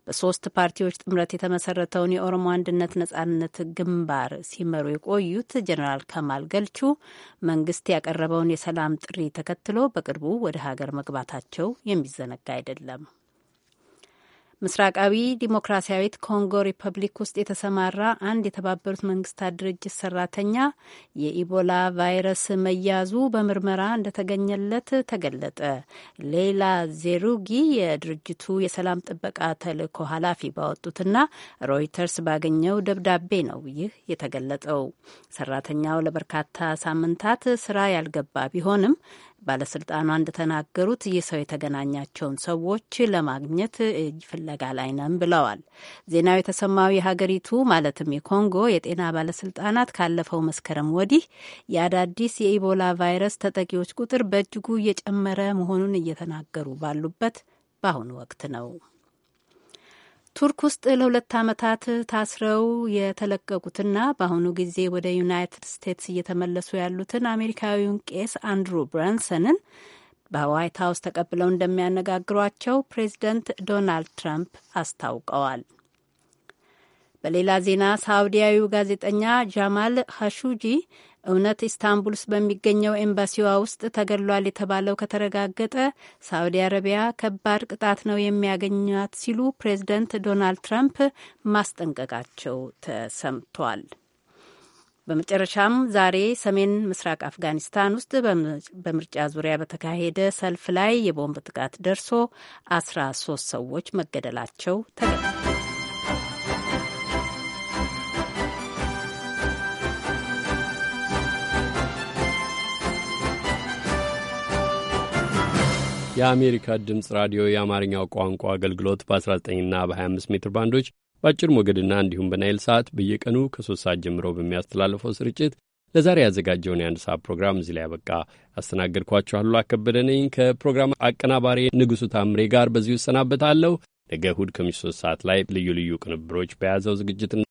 በሶስት ፓርቲዎች ጥምረት የተመሰረተውን የኦሮሞ አንድነት ነጻነት ግንባር ሲመሩ የቆዩት ጀነራል ከማል ገልቹ መንግስት ያቀረበውን የሰላም ጥሪ ተከትሎ በቅርቡ ወደ ሀገር መግባታቸው የሚዘነጋ አይደለም። ምስራቃዊ ዲሞክራሲያዊት ኮንጎ ሪፐብሊክ ውስጥ የተሰማራ አንድ የተባበሩት መንግስታት ድርጅት ሰራተኛ የኢቦላ ቫይረስ መያዙ በምርመራ እንደተገኘለት ተገለጠ። ሌላ ዜሩጊ የድርጅቱ የሰላም ጥበቃ ተልእኮ ኃላፊ ባወጡትና ሮይተርስ ባገኘው ደብዳቤ ነው ይህ የተገለጠው። ሰራተኛው ለበርካታ ሳምንታት ስራ ያልገባ ቢሆንም ባለስልጣኗ እንደተናገሩት ይህ ሰው የተገናኛቸውን ሰዎች ለማግኘት ፍለጋ ላይ ነን ብለዋል። ዜናው የተሰማው የሀገሪቱ ማለትም የኮንጎ የጤና ባለስልጣናት ካለፈው መስከረም ወዲህ የአዳዲስ የኢቦላ ቫይረስ ተጠቂዎች ቁጥር በእጅጉ እየጨመረ መሆኑን እየተናገሩ ባሉበት በአሁኑ ወቅት ነው። ቱርክ ውስጥ ለሁለት ዓመታት ታስረው የተለቀቁትና በአሁኑ ጊዜ ወደ ዩናይትድ ስቴትስ እየተመለሱ ያሉትን አሜሪካዊውን ቄስ አንድሩ ብራንሰንን በዋይት ሀውስ ተቀብለው እንደሚያነጋግሯቸው ፕሬዚደንት ዶናልድ ትራምፕ አስታውቀዋል። በሌላ ዜና ሳውዲያዊው ጋዜጠኛ ጃማል ሀሹጂ እውነት ኢስታንቡልስ በሚገኘው ኤምባሲዋ ውስጥ ተገድሏል የተባለው ከተረጋገጠ ሳዑዲ አረቢያ ከባድ ቅጣት ነው የሚያገኛት ሲሉ ፕሬዚደንት ዶናልድ ትራምፕ ማስጠንቀቃቸው ተሰምቷል። በመጨረሻም ዛሬ ሰሜን ምስራቅ አፍጋኒስታን ውስጥ በምርጫ ዙሪያ በተካሄደ ሰልፍ ላይ የቦምብ ጥቃት ደርሶ አስራ ሶስት ሰዎች መገደላቸው ተገለጸ። የአሜሪካ ድምፅ ራዲዮ የአማርኛው ቋንቋ አገልግሎት በ19ና በ25 ሜትር ባንዶች በአጭር ሞገድና እንዲሁም በናይል ሰዓት በየቀኑ ከሶስት ሰዓት ጀምሮ በሚያስተላልፈው ስርጭት ለዛሬ ያዘጋጀውን የአንድ ሰዓት ፕሮግራም እዚህ ላይ ያበቃ። አስተናገድኳችሁ አሉላ ከበደ ነኝ ከፕሮግራም አቀናባሪ ንጉሡ ታምሬ ጋር በዚሁ እሰናበታለሁ። ነገ እሁድ ከምሽቱ ሶስት ሰዓት ላይ ልዩ ልዩ ቅንብሮች በያዘው ዝግጅት